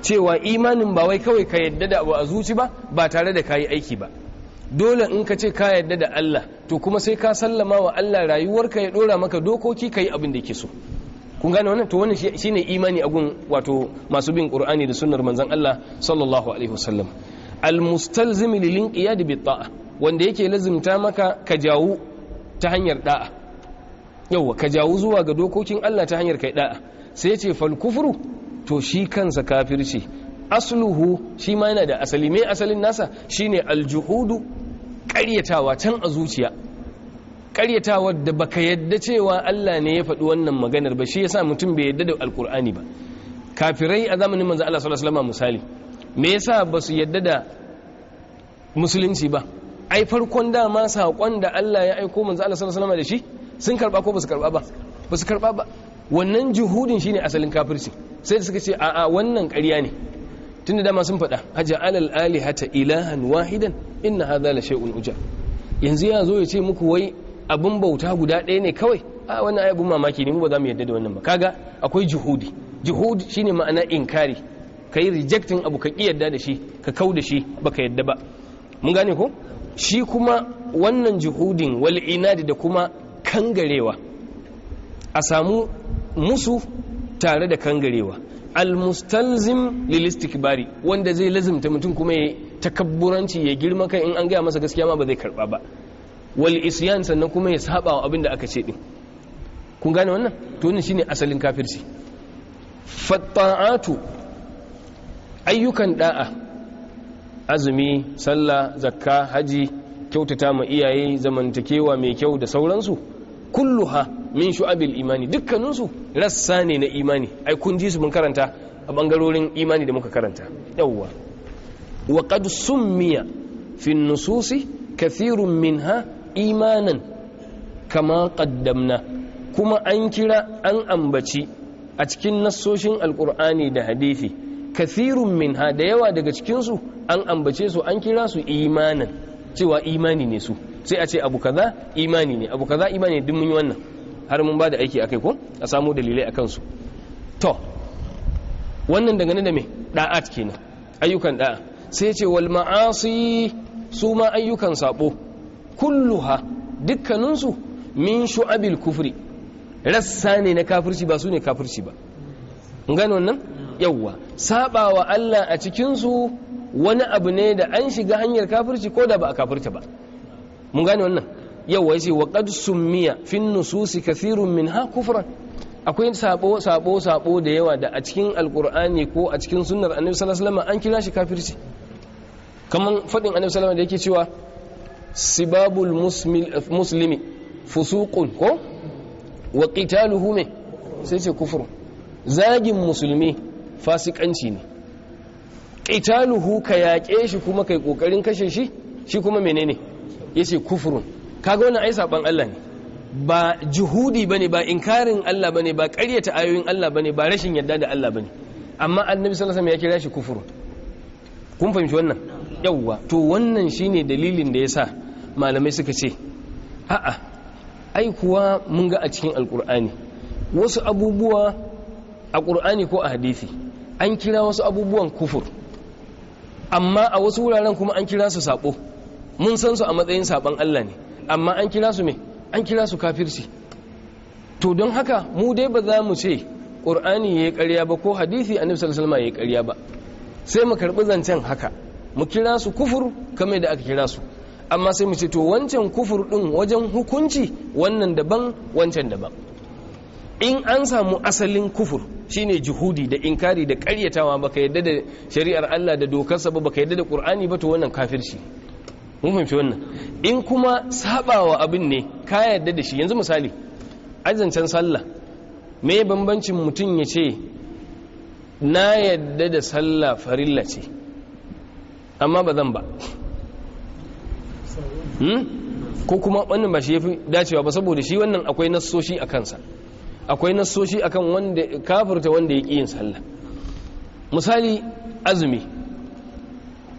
cewa imanin ba wai kawai ka yadda da abu a zuci ba ba tare da kayi aiki ba dole in ka ce ka yadda da Allah to kuma sai ka sallama wa Allah rayuwarka ya dora maka dokoki kayi yi abin da ke so kun gane wannan to wannan shine imani a gun wato masu bin qur'ani da sunnar manzon Allah sallallahu alaihi wasallam almustalzim lil bi ta'a wanda yake lazimta maka ka jawu ta hanyar da'a yawa ka jawu zuwa ga dokokin Allah ta hanyar kai da'a sai ya ce fal kufru to shi kansa kafirci asluhu shi ma yana da asali mai asalin nasa shine aljuhudu ƙaryatawa can a zuciya ƙaryatawa da baka yadda cewa Allah ne ya faɗi wannan maganar ba shi yasa mutum bai yadda da alkur'ani ba kafirai a zamanin manzo Allah sallallahu alaihi wasallam misali me yasa ba su yadda da musulunci ba ai farkon da ma saƙon da Allah ya aiko manzo Allah sallallahu alaihi wasallam da shi sun karba ko ba su karba ba ba su karba ba wannan juhudin shine asalin kafirci sai da suka ce a wannan ƙarya ne tun da dama sun faɗa haja alal alihata ilahan wahidan inna hadha la shay'un uja yanzu ya zo ya ce muku wai abin bauta guda ɗaya ne kawai a wannan ayyabin mamaki ne mu ba za mu yarda da wannan ba kaga akwai juhudi juhud shine ma'ana inkari kai rejecting abu ka ki yarda da shi ka kau da shi baka yarda ba mun gane ko shi kuma wannan jihudin wal inadi da kuma kangarewa a samu musu tare da kangarewa almustalzim lilistikbari wanda zai lazimta mutum kuma ya takabburanci ya girma kai in an gaya masa gaskiya ma ba zai karba ba wal isyan sannan kuma ya saba wa abin da aka ce din kun gane wannan to wannan shine asalin kafirci fatta'atu ayyukan da'a azumi sallah zakka haji kyautata ma iyaye zamantakewa mai kyau da sauransu kulluha min shu'abil imani dukkaninsu rassa ne na imani ai kun ji su mun karanta a bangarorin imani da muka karanta yawwa wa qad summiya fi nususi kathirun minha imanan kama qaddamna kuma an kira an ambaci a cikin nassoshin alqur'ani da hadisi kathirun minha da yawa daga cikinsu an ambace su an kira su imanan cewa imani ne su sai a ce abu kaza imani ne abu kaza imani ne duk mun yi wannan har mun ba da aiki akai ko a samu dalilai akan su to wannan daga dangane da me da'at kenan ayyukan da'a sai ce wal ma'asi su ma ayyukan sabo kulluha dukkaninsu min shu'abil kufri rassa ne na kafirci ba su ne kafirci ba gano wannan yawwa sabawa Allah a cikin su wani abu ne da an shiga hanyar kafirci ko da ba a kafirta ba mun gane wannan yawa yace wa qad summiya fin nususi kathirun ha kufra akwai sabo sabo sabo da yawa da a cikin alqur'ani ko a cikin sunnar annabi sallallahu alaihi wasallam an kira shi kafirci kaman fadin annabi sallallahu alaihi wasallam da yake cewa sibabul muslimi fusuqun ko wa qitaluhu me sai ce kufru zagin musulmi fasikanci ne qitaluhu ka yaƙe shi kuma kai kokarin kashe shi shi kuma menene yace kufrun kaga wannan ai saban Allah ne ba juhudi bane ba inkarin Allah bane ba ƙaryata ayoyin Allah bane ba rashin yadda da Allah bane amma annabi sallallahu alaihi wasallam ya kira shi kufuru kun fahimci wannan yawwa to wannan shine dalilin da yasa malamai suka ce a'a ai kuwa mun ga a cikin alqur'ani wasu abubuwa a qur'ani ko a hadisi an kira wasu abubuwan kufur amma a wasu wuraren kuma an kira su sabo mun san su a matsayin saban Allah ne amma an kira su me an kira su kafirci to don haka mu dai ba za mu ce ƙur'ani ya yi ƙarya ba ko hadisi a sallallahu salama ya yi ƙarya ba sai mu karɓi zancen haka mu kira su kufur kamar da aka kira su amma sai mu ce to wancan kufur ɗin wajen hukunci wannan daban wancan daban in an samu asalin kufur shine juhudi da inkari da ƙaryatawa baka yadda da shari'ar Allah da dokarsa ba baka yadda da Qur'ani ba to wannan kafirci mun fahimci wannan in kuma sabawa abin ne ka yarda da shi yanzu misali azancen sallah me bambancin mutum ya ce na yarda da sallah farilla ce amma ba zan ba hmm? ko kuma wannan ba shi yafi dacewa ba saboda shi wannan akwai nassoshi a kansa akwai nassoshi akan wanda kafirta wanda ya yin sallah misali azumi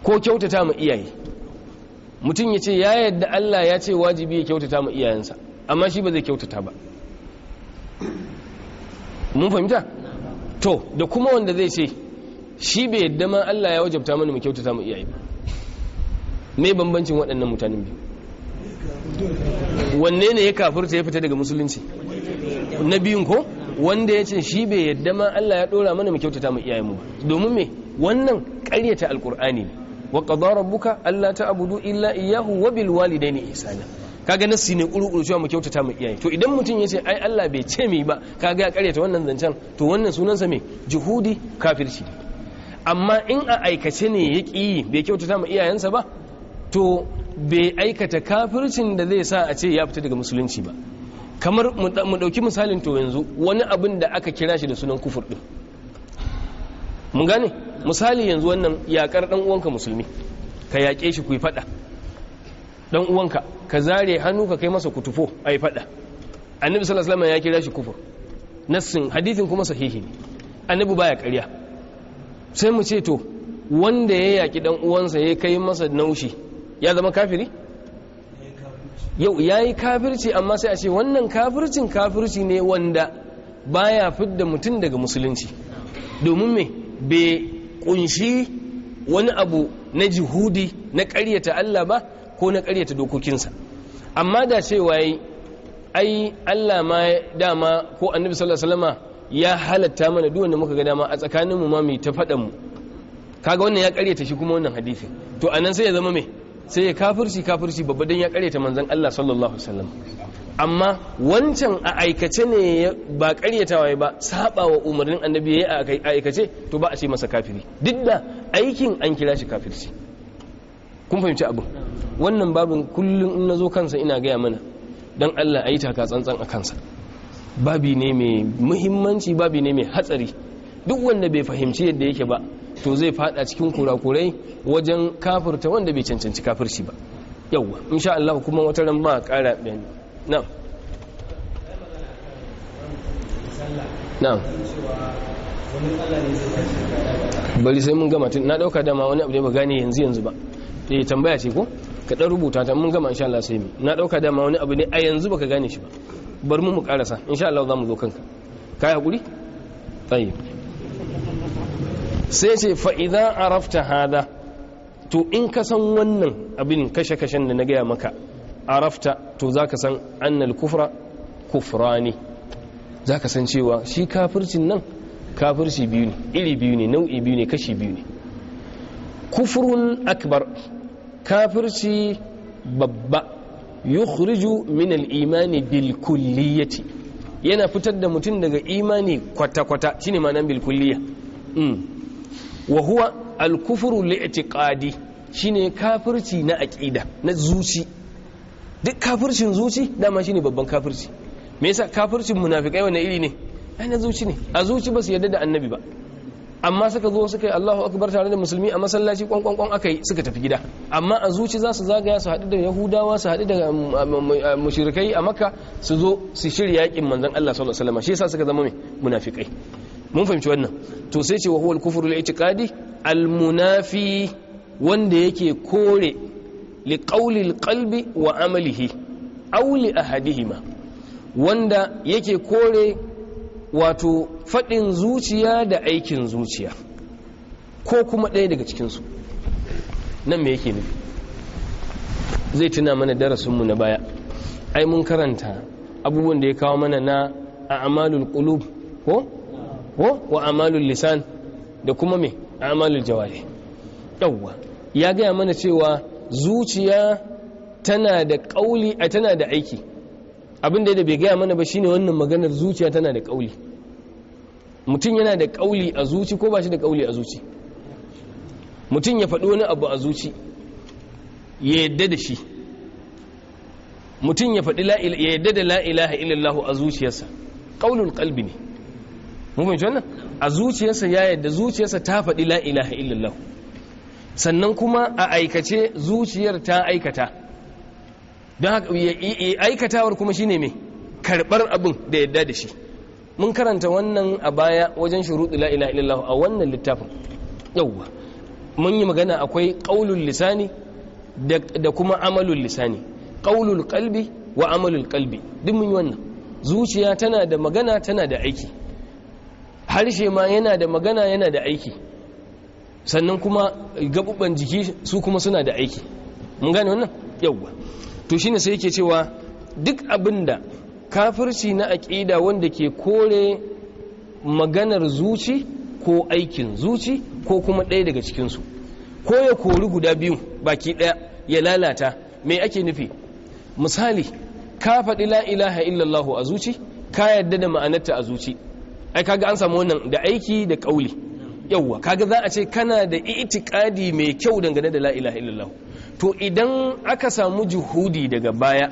ko kyautata mu iyaye mutum ya ce ya yadda Allah ya ce wajibi ya kyautata ma iyayensa amma shi ba zai kyautata ba mun fahimta to da kuma wanda zai ce shi bai yadda ma Allah ya wajabta mana mu kyautata mu iyaye me bambancin waɗannan mutanen biyu wanne ne ya kafirta ya fita daga musulunci na biyun ko wanda ya ce shi bai yadda ma Allah ya ɗora mana mu kyautata mu iyaye mu domin me wannan ƙaryata alkur'ani ne wa buka allah ta abudu illa iyyahu wa walidai ne ihsana kaga nassi ne kuru cewa mu kyautata mu iyaye to idan mutum ya ce ai Allah bai ce mi ba kaga ya karyata wannan zancen to wannan sunansa me juhudi kafirci amma in a aikace ne ya ƙi bai kyautata ma iyayensa ba to bai aikata kafircin da zai sa a ce ya fita daga musulunci ba kamar mu ɗauki misalin to yanzu wani abin da aka kira shi da sunan kufur ɗin mun gane misali yanzu wannan yakar dan uwanka musulmi ka yaƙe shi ku yi faɗa dan uwanka ka zare hannu ka kai masa kutufo a yi annabi sallallahu alaihi wasallam ya kira shi kufur nassin hadithin kuma sahihi ne annabi baya ƙarya sai mu ce to wanda ya yaki dan uwansa ya kai masa naushi ya zama kafiri yau ya yi kafirci amma sai a ce wannan kafircin kafirci ne wanda baya fidda mutum daga musulunci domin me bai kunshi wani abu na jihudi na ƙaryata Allah ba ko na ƙaryata dokokinsa amma da cewa yi ai Allah ma dama ko annabi sallallahu alaihi wasallama ya halatta mana duk wanda muka ga dama a tsakanin mu ma mai ta faɗa mu kaga wannan ya ƙaryata shi kuma wannan hadisi to anan sai ya zama mai sai ya kafirci kafirci babba dan ya ƙaryata manzon Allah sallallahu alaihi wasallam amma wancan a aikace ne ba karyatawa ba saba wa umarnin annabi ya yi a aikace to ba a ce masa kafiri duk da aikin an kira shi kafirci kun fahimci abin wannan babin kullum in na zo kansa ina gaya mana don allah a yi taka tsantsan a kansa babi ne mai muhimmanci babi ne mai hatsari duk wanda bai fahimci yadda yake ba to zai fada cikin kurakurai wajen kafirta wanda bai cancanci kafirci ba yauwa insha allah kuma wata ran ba a kara bayani نعم نعم bari sai mun gama tun na dauka dama wani abu da ba gane yanzu yanzu ba eh tambaya ce ko ka dan rubuta ta mun gama insha Allah sai mu na dauka dama wani abu ne a yanzu baka gane shi ba bar mu mu karasa insha Allah za mu zo kanka kai hakuri tayyib sai ce fa idza arafta hada to in ka san wannan abin kashe-kashen da na gaya maka arafta to za ka san annal kufra kufra ne za ka san cewa shi kafircin nan kafirci biyu ne iri biyu ne nau'i biyu ne kashi biyu ne kufurun akbar kafirci babba yukhriju min al-imani bil kulliyati yana fitar da mutum daga imani kwata-kwata shine ma'anar bil kulliya hmm. wa huwa al li'tiqadi shine kafirci na aqida na zuci duk kafircin zuci dama ne babban kafirci me yasa kafircin munafikai wani iri ne ai na zuci ne a zuci ba su yarda da annabi ba amma suka zo suka yi Allahu akbar tare da musulmi a masallaci kwan aka yi suka tafi gida amma a zuci za su zagaya su haɗu da yahudawa su haɗu da um, um, um, uh, mushrikai a makka su zo su shirya yakin manzon Allah sallallahu alaihi wasallam shi yasa suka zama munafikai mun fahimci wannan to sai ce wa huwa al-kufru al-i'tiqadi al-munafi wanda yake kore Liƙaulil ƙaulil ƙalbi wa amalihi auli ahadihima wanda yake kore wato faɗin zuciya da aikin zuciya ko kuma ɗaya daga cikinsu nan me yake nufi zai tuna mana darasinmu na baya ai mun karanta abubuwan da ya kawo mana na a'malul ƙulub ko wa a'malul lisan da kuma me a'malul jawari Ɗauwa ya gaya mana cewa zuciya tana da kauli a tana da aiki abin da bai gaya mana ba shine wannan maganar zuciya tana da kauli mutum yana da kauli a zuci ko ba shi da kauli a zuci mutum ya faɗi wani abu a zuci ya yadda da shi mutum ya faɗi ya yadda da la'ilaha illallahu a zuciyarsa ƙaunin ƙalbi ne mummin shi wannan a zuciyarsa ya yadda zuciyarsa ta faɗi la'ilaha illallahu sannan kuma a aikace zuciyar ta aikata don haka aikatawar kuma shine mai karɓar abin da yadda da shi mun karanta wannan a baya wajen shuruɗi la ila illallah a wannan littafin yauwa mun yi magana akwai ƙaulul lisani da kuma amalul lisani ƙaulul kalbi wa amalul kalbi duk mun yi wannan zuciya tana da magana tana da aiki harshe ma yana da magana yana da aiki sannan kuma gabuban jiki su kuma suna da aiki mun gane wannan yawwa to shine sai yake cewa duk abinda kafirci na aƙida wanda ke kore maganar zuci ko aikin zuci ko kuma ɗaya daga cikinsu ko ya kori guda biyu baki ɗaya ya lalata mai ake nufi misali ka faɗi la ilaha illallahu a zuci ka yadda da ma'anarta a zuci ai kaga an samu wannan da aiki da ƙauli yawwa kaga za a ce kana da itikadi mai kyau dangane da la ilaha illallah to idan aka samu juhudi daga baya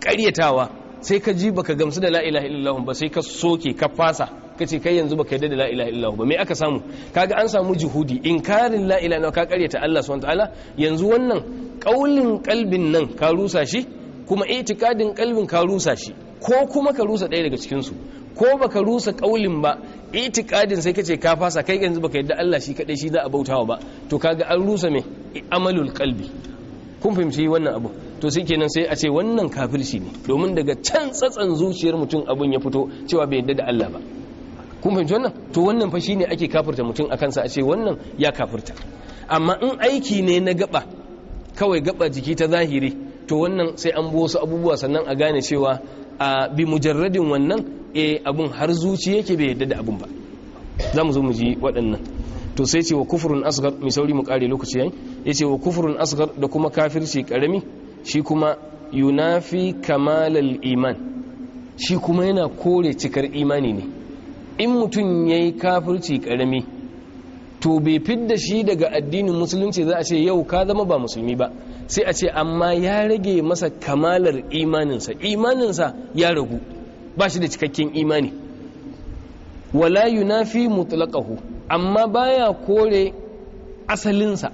ƙaryatawa sai ka ji baka gamsu da la ilaha illallah ba sai ka soke ka fasa ka ce kai yanzu baka yarda da la ilaha illallah ba me aka samu kaga an samu juhudi inkarin la ilaha ka ƙaryata Allah subhanahu wataala yanzu wannan kaulin kalbin nan ka rusa shi kuma itikadin kalbin ka rusa shi ko kuma ka rusa ɗaya daga cikinsu ko baka rusa ƙaulin ba itikadin sai ka ce ka fasa kai yanzu baka yadda Allah shi kaɗai shi za a bautawa ba to kaga an rusa me amalul kalbi kun fahimci wannan abu to sai kenan sai a ce wannan kafirci ne domin daga can tsatsan zuciyar mutum abun ya fito cewa bai yadda da Allah ba kun fahimci wannan to wannan fa shine ake kafirta mutum a kansa a ce wannan ya kafirta amma in aiki ne na gaba kawai gaba jiki ta zahiri to wannan sai an bi wasu abubuwa sannan a gane cewa a bi mujarradin wannan e abun har zuci yake bai yadda da abun ba za mu zo mu ji waɗannan to sai ce wa kufurin asgar mai sauri mu kare lokaci yayin ya ce wa kufurin asgar da kuma kafirci karami shi kuma yunafi kamalal iman shi kuma yana kore cikar imani ne in mutum ya yi kafirci karami to bai fidda shi daga addinin musulunci za a ce yau ka zama ba musulmi ba sai a ce amma ya rage masa kamalar imaninsa imaninsa ya ragu ba shi da cikakken imani wala yunafi mutlaqahu amma baya kore asalinsa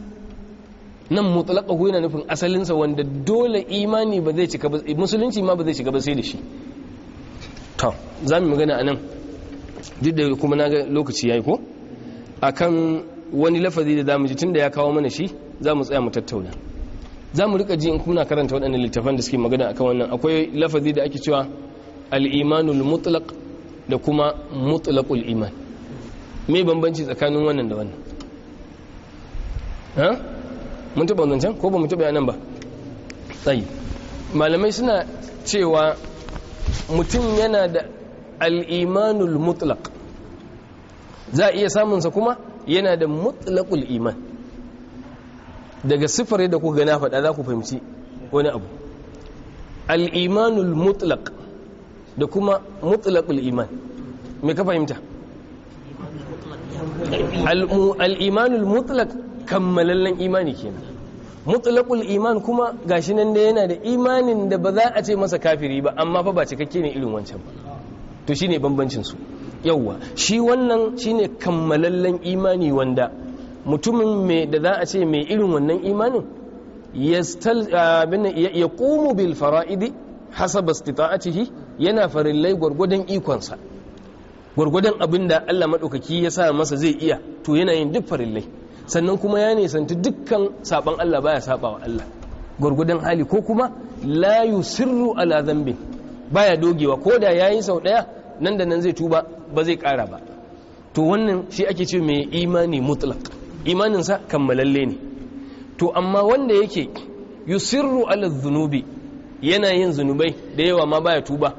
nan mutlaqahu yana nufin asalinsa wanda dole imani ba zai cika ba musulunci ma ba zai cika ba sai da shi to za mu magana anan duk da kuma na ga lokaci yayi ko akan wani lafazi da zamu ji tunda ya kawo mana shi za mu tsaya mu tattauna za mu rika ji in kuna karanta waɗannan littafan da suke magana akan wannan akwai lafazi da ake cewa al’imanul mutlaq da kuma mutlaqul iman me bambanci tsakanin wannan da wannan ha mun taɓa zancen ko ba mu taɓa yanan ba tsayi malamai suna cewa mutum yana da al’imanul mutlaq za a iya samunsa kuma yana da mutlaqul iman daga sifar yadda kuka gana faɗa za ku fahimci wani abu al'imanul mutlaq da kuma mutlaqul iman me ka fahimta al'imanul mutlaq kammalallen imani kenan mutlaqul iman kuma gashi nan da yana da imanin da ba za a ce masa kafiri ba amma fa ba cikakke ne irin wancan ba to shine bambancin su yawwa shi wannan shine kammalallen imani wanda mutumin da za a ce mai irin wannan imanin ya ƙumu bil fara'idi hasaba istita'atihi yana farillai gwargwadon ikonsa gwargwadon abin da Allah maɗaukaki ya sa masa zai iya to yana yin duk farillai sannan kuma ya nisanci dukkan saban Allah baya saba wa Allah gwargwadon hali ko kuma la yusirru ala dhanbin baya dogewa ko da yayi sau ɗaya nan da nan zai tuba ba zai ƙara ba to wannan shi ake ce mai imani mutlaq imaninsa kammalalle ne to amma wanda yake yusirru ala zunubi yana yin zunubai da yawa ma baya tuba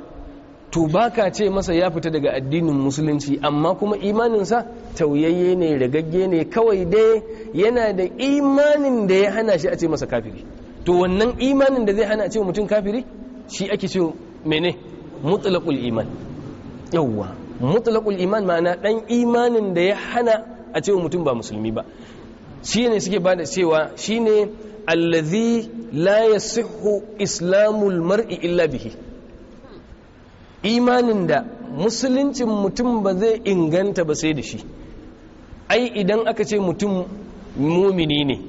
to baka ce masa ya fita daga addinin musulunci amma kuma imaninsa tauyayye ne da gagge ne kawai dai yana da imanin da ya hana shi a ce masa kafiri to wannan imanin da zai hana a ce mutum kafiri shi ake ce mene mutlaqul iman yawwa mutlaqul iman ma'ana dan imanin da ya hana a cewa mutum ba musulmi ba shi ne suke ba da cewa shi ne allazi la islamul mar'i illa bihi imanin da musuluncin mutum ba zai inganta ba sai da shi ai idan aka ce mutum mumini ne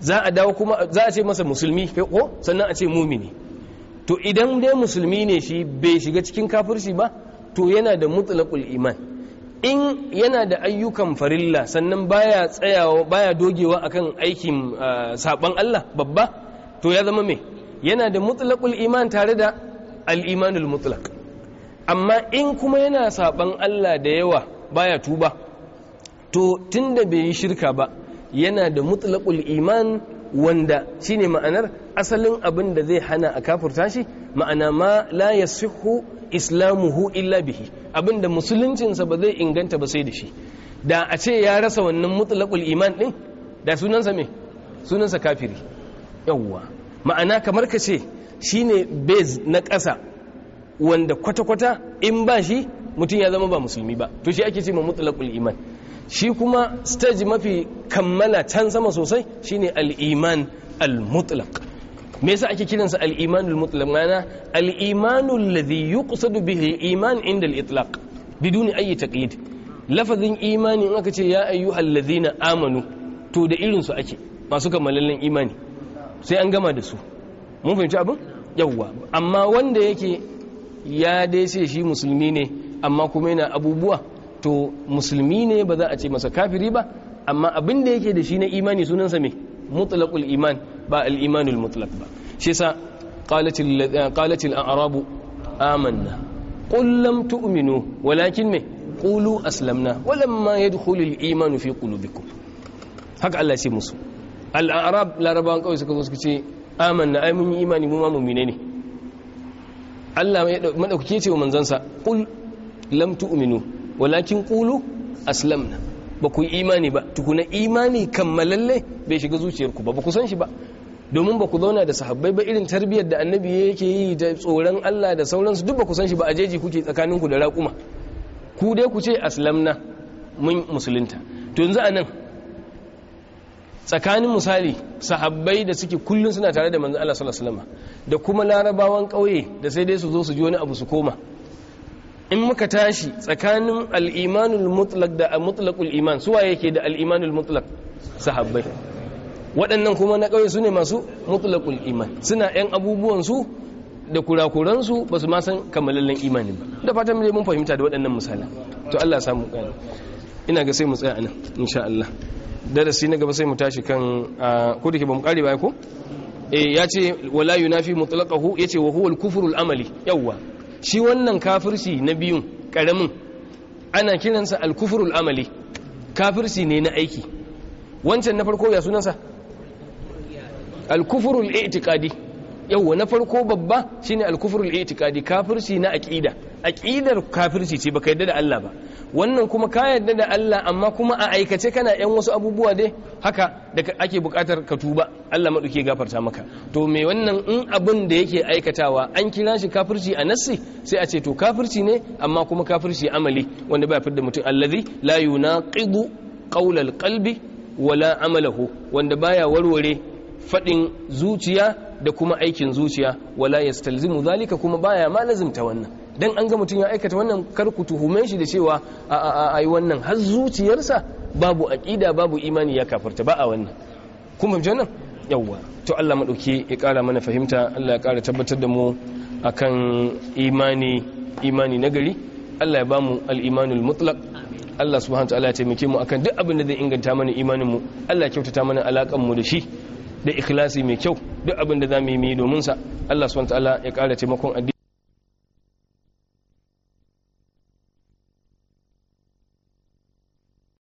za a dawo kuma za a ce masa musulmi ko sannan a ce mumini to idan dai musulmi ne shi bai shiga cikin kafirci ba to yana da mutlaqul iman in yana da ayyukan farilla sannan baya tsayawa baya dogewa akan aikin uh, saban Allah babba to ya zama me yana da mutlaqul iman tare da al-imanul mutlaq amma in kuma yana saban Allah da yawa baya tuba to tunda bai yi shirka ba yana da mutlaqul iman wanda shine ma'anar asalin abin da zai hana a kafurta shi ma'ana ma la yasihu islamuhu illa bihi abinda musuluncinsa ba zai inganta ba sai da shi da a ce ya rasa wannan mutlaqul iman din da sunansa me sunansa kafiri yawwa ma'ana kamar ka ce shine base na ƙasa wanda kwata-kwata in ba shi mutum ya zama ba musulmi ba to shi ake ce ma mutlaqul iman shi kuma stage mafi kammala can sama sosai shine al-iman al-mutlaq me yasa ake kiransa al-imanul mutlaq mana al-imanul ladhi yuqsadu bihi iman inda al-itlaq biduni ayi taqyid lafazin imani in aka ce ya ayyuhal ladhina amanu to da irin su ake masu kamalallen imani sai an gama da su mun fahimci abin yawa. amma wanda yake ya dai sai shi musulmi ne amma kuma yana abubuwa to musulmi ne ba za a ce masa kafiri ba amma abin da yake da shi na imani sunansa me mutlaqul iman ba al'imanul mutlaq ba shi yasa qalatil a'rabu amanna qul lam tu'minu walakin me qulu aslamna walamma yadkhulul imanu fi qulubikum haka Allah ya ce musu al'arab larabawan kawai suka zo ce amanna ai mun yi imani mu ma mu'mine ne Allah madaukake ce wa manzansa qul lam tu'minu walakin qulu aslamna ba ku imani ba tukuna imani kammalalle bai shiga zuciyarku ba ba ku san shi ba domin ba ku zauna da sahabbai ba irin tarbiyyar da annabi yake yi da tsoron Allah da sauransu duk ba ku san shi ba a jeji kuke tsakaninku da raƙuma ku dai ku ce aslamna mun musulunta to yanzu anan tsakanin misali sahabbai da suke kullun suna tare da manzon Allah sallallahu alaihi wasallam da kuma larabawan ƙauye da sai dai su zo su ji wani abu su koma in muka tashi tsakanin al-imanul mutlaq da mutlaqul iman waye yake da al-imanul mutlaq sahabbai waɗannan kuma na ƙauye su ne masu mutulakul iman suna 'yan abubuwansu da kurakuransu ba su ma san kamalallen imanin ba da fatan mun fahimta da waɗannan misali to Allah samu ƙari ina ga sai mu tsaya anan insha Allah darasi na gaba sai mu tashi kan ko da ke ba mu ƙari ba ko eh ya ce wala yunafi mutlaqahu yace wa huwa al-kufru amali yawa shi wannan kafirci na biyun karamin ana kiransa al-kufru al-amali kafirci ne na aiki wancan na farko ya sunansa alkufurul i'tiqadi yawa na farko babba shine alkufurul i'tiqadi kafirci na aqida aqidar kafirci ce baka yadda da Allah ba wannan kuma ka yadda da Allah amma kuma a aikace kana yan wasu abubuwa dai haka da ake bukatar ka tuba Allah maduke gafarta maka to me wannan in abin da yake aikatawa an kira shi kafirci a nassi sai a ce to kafirci ne amma kuma kafirci amali wanda ba fidda mutum allazi la yunaqidu qawla alqalbi wala amalahu wanda baya warware faɗin zuciya da kuma aikin zuciya wala ya stalzimu zalika kuma baya ma lazimta wannan dan an ga mutum ya aikata wannan karku ku tuhume shi da cewa a a ai wannan har zuciyarsa babu aƙida babu imani ya kafirta ba a wannan kun fahimci wannan yawwa to Allah maɗauke ya kara mana fahimta Allah ya kara tabbatar da mu akan imani imani nagari Allah ya bamu al-imanul mutlaq Allah subhanahu wa ta'ala ya taimake mu akan duk abin da zai inganta mana imanin Allah ya kyautata mana alakan mu da shi da ikhlasi mai kyau duk abin da za mu yi domin sa Allah subhanahu wa ta'ala ya ƙara taimakon addini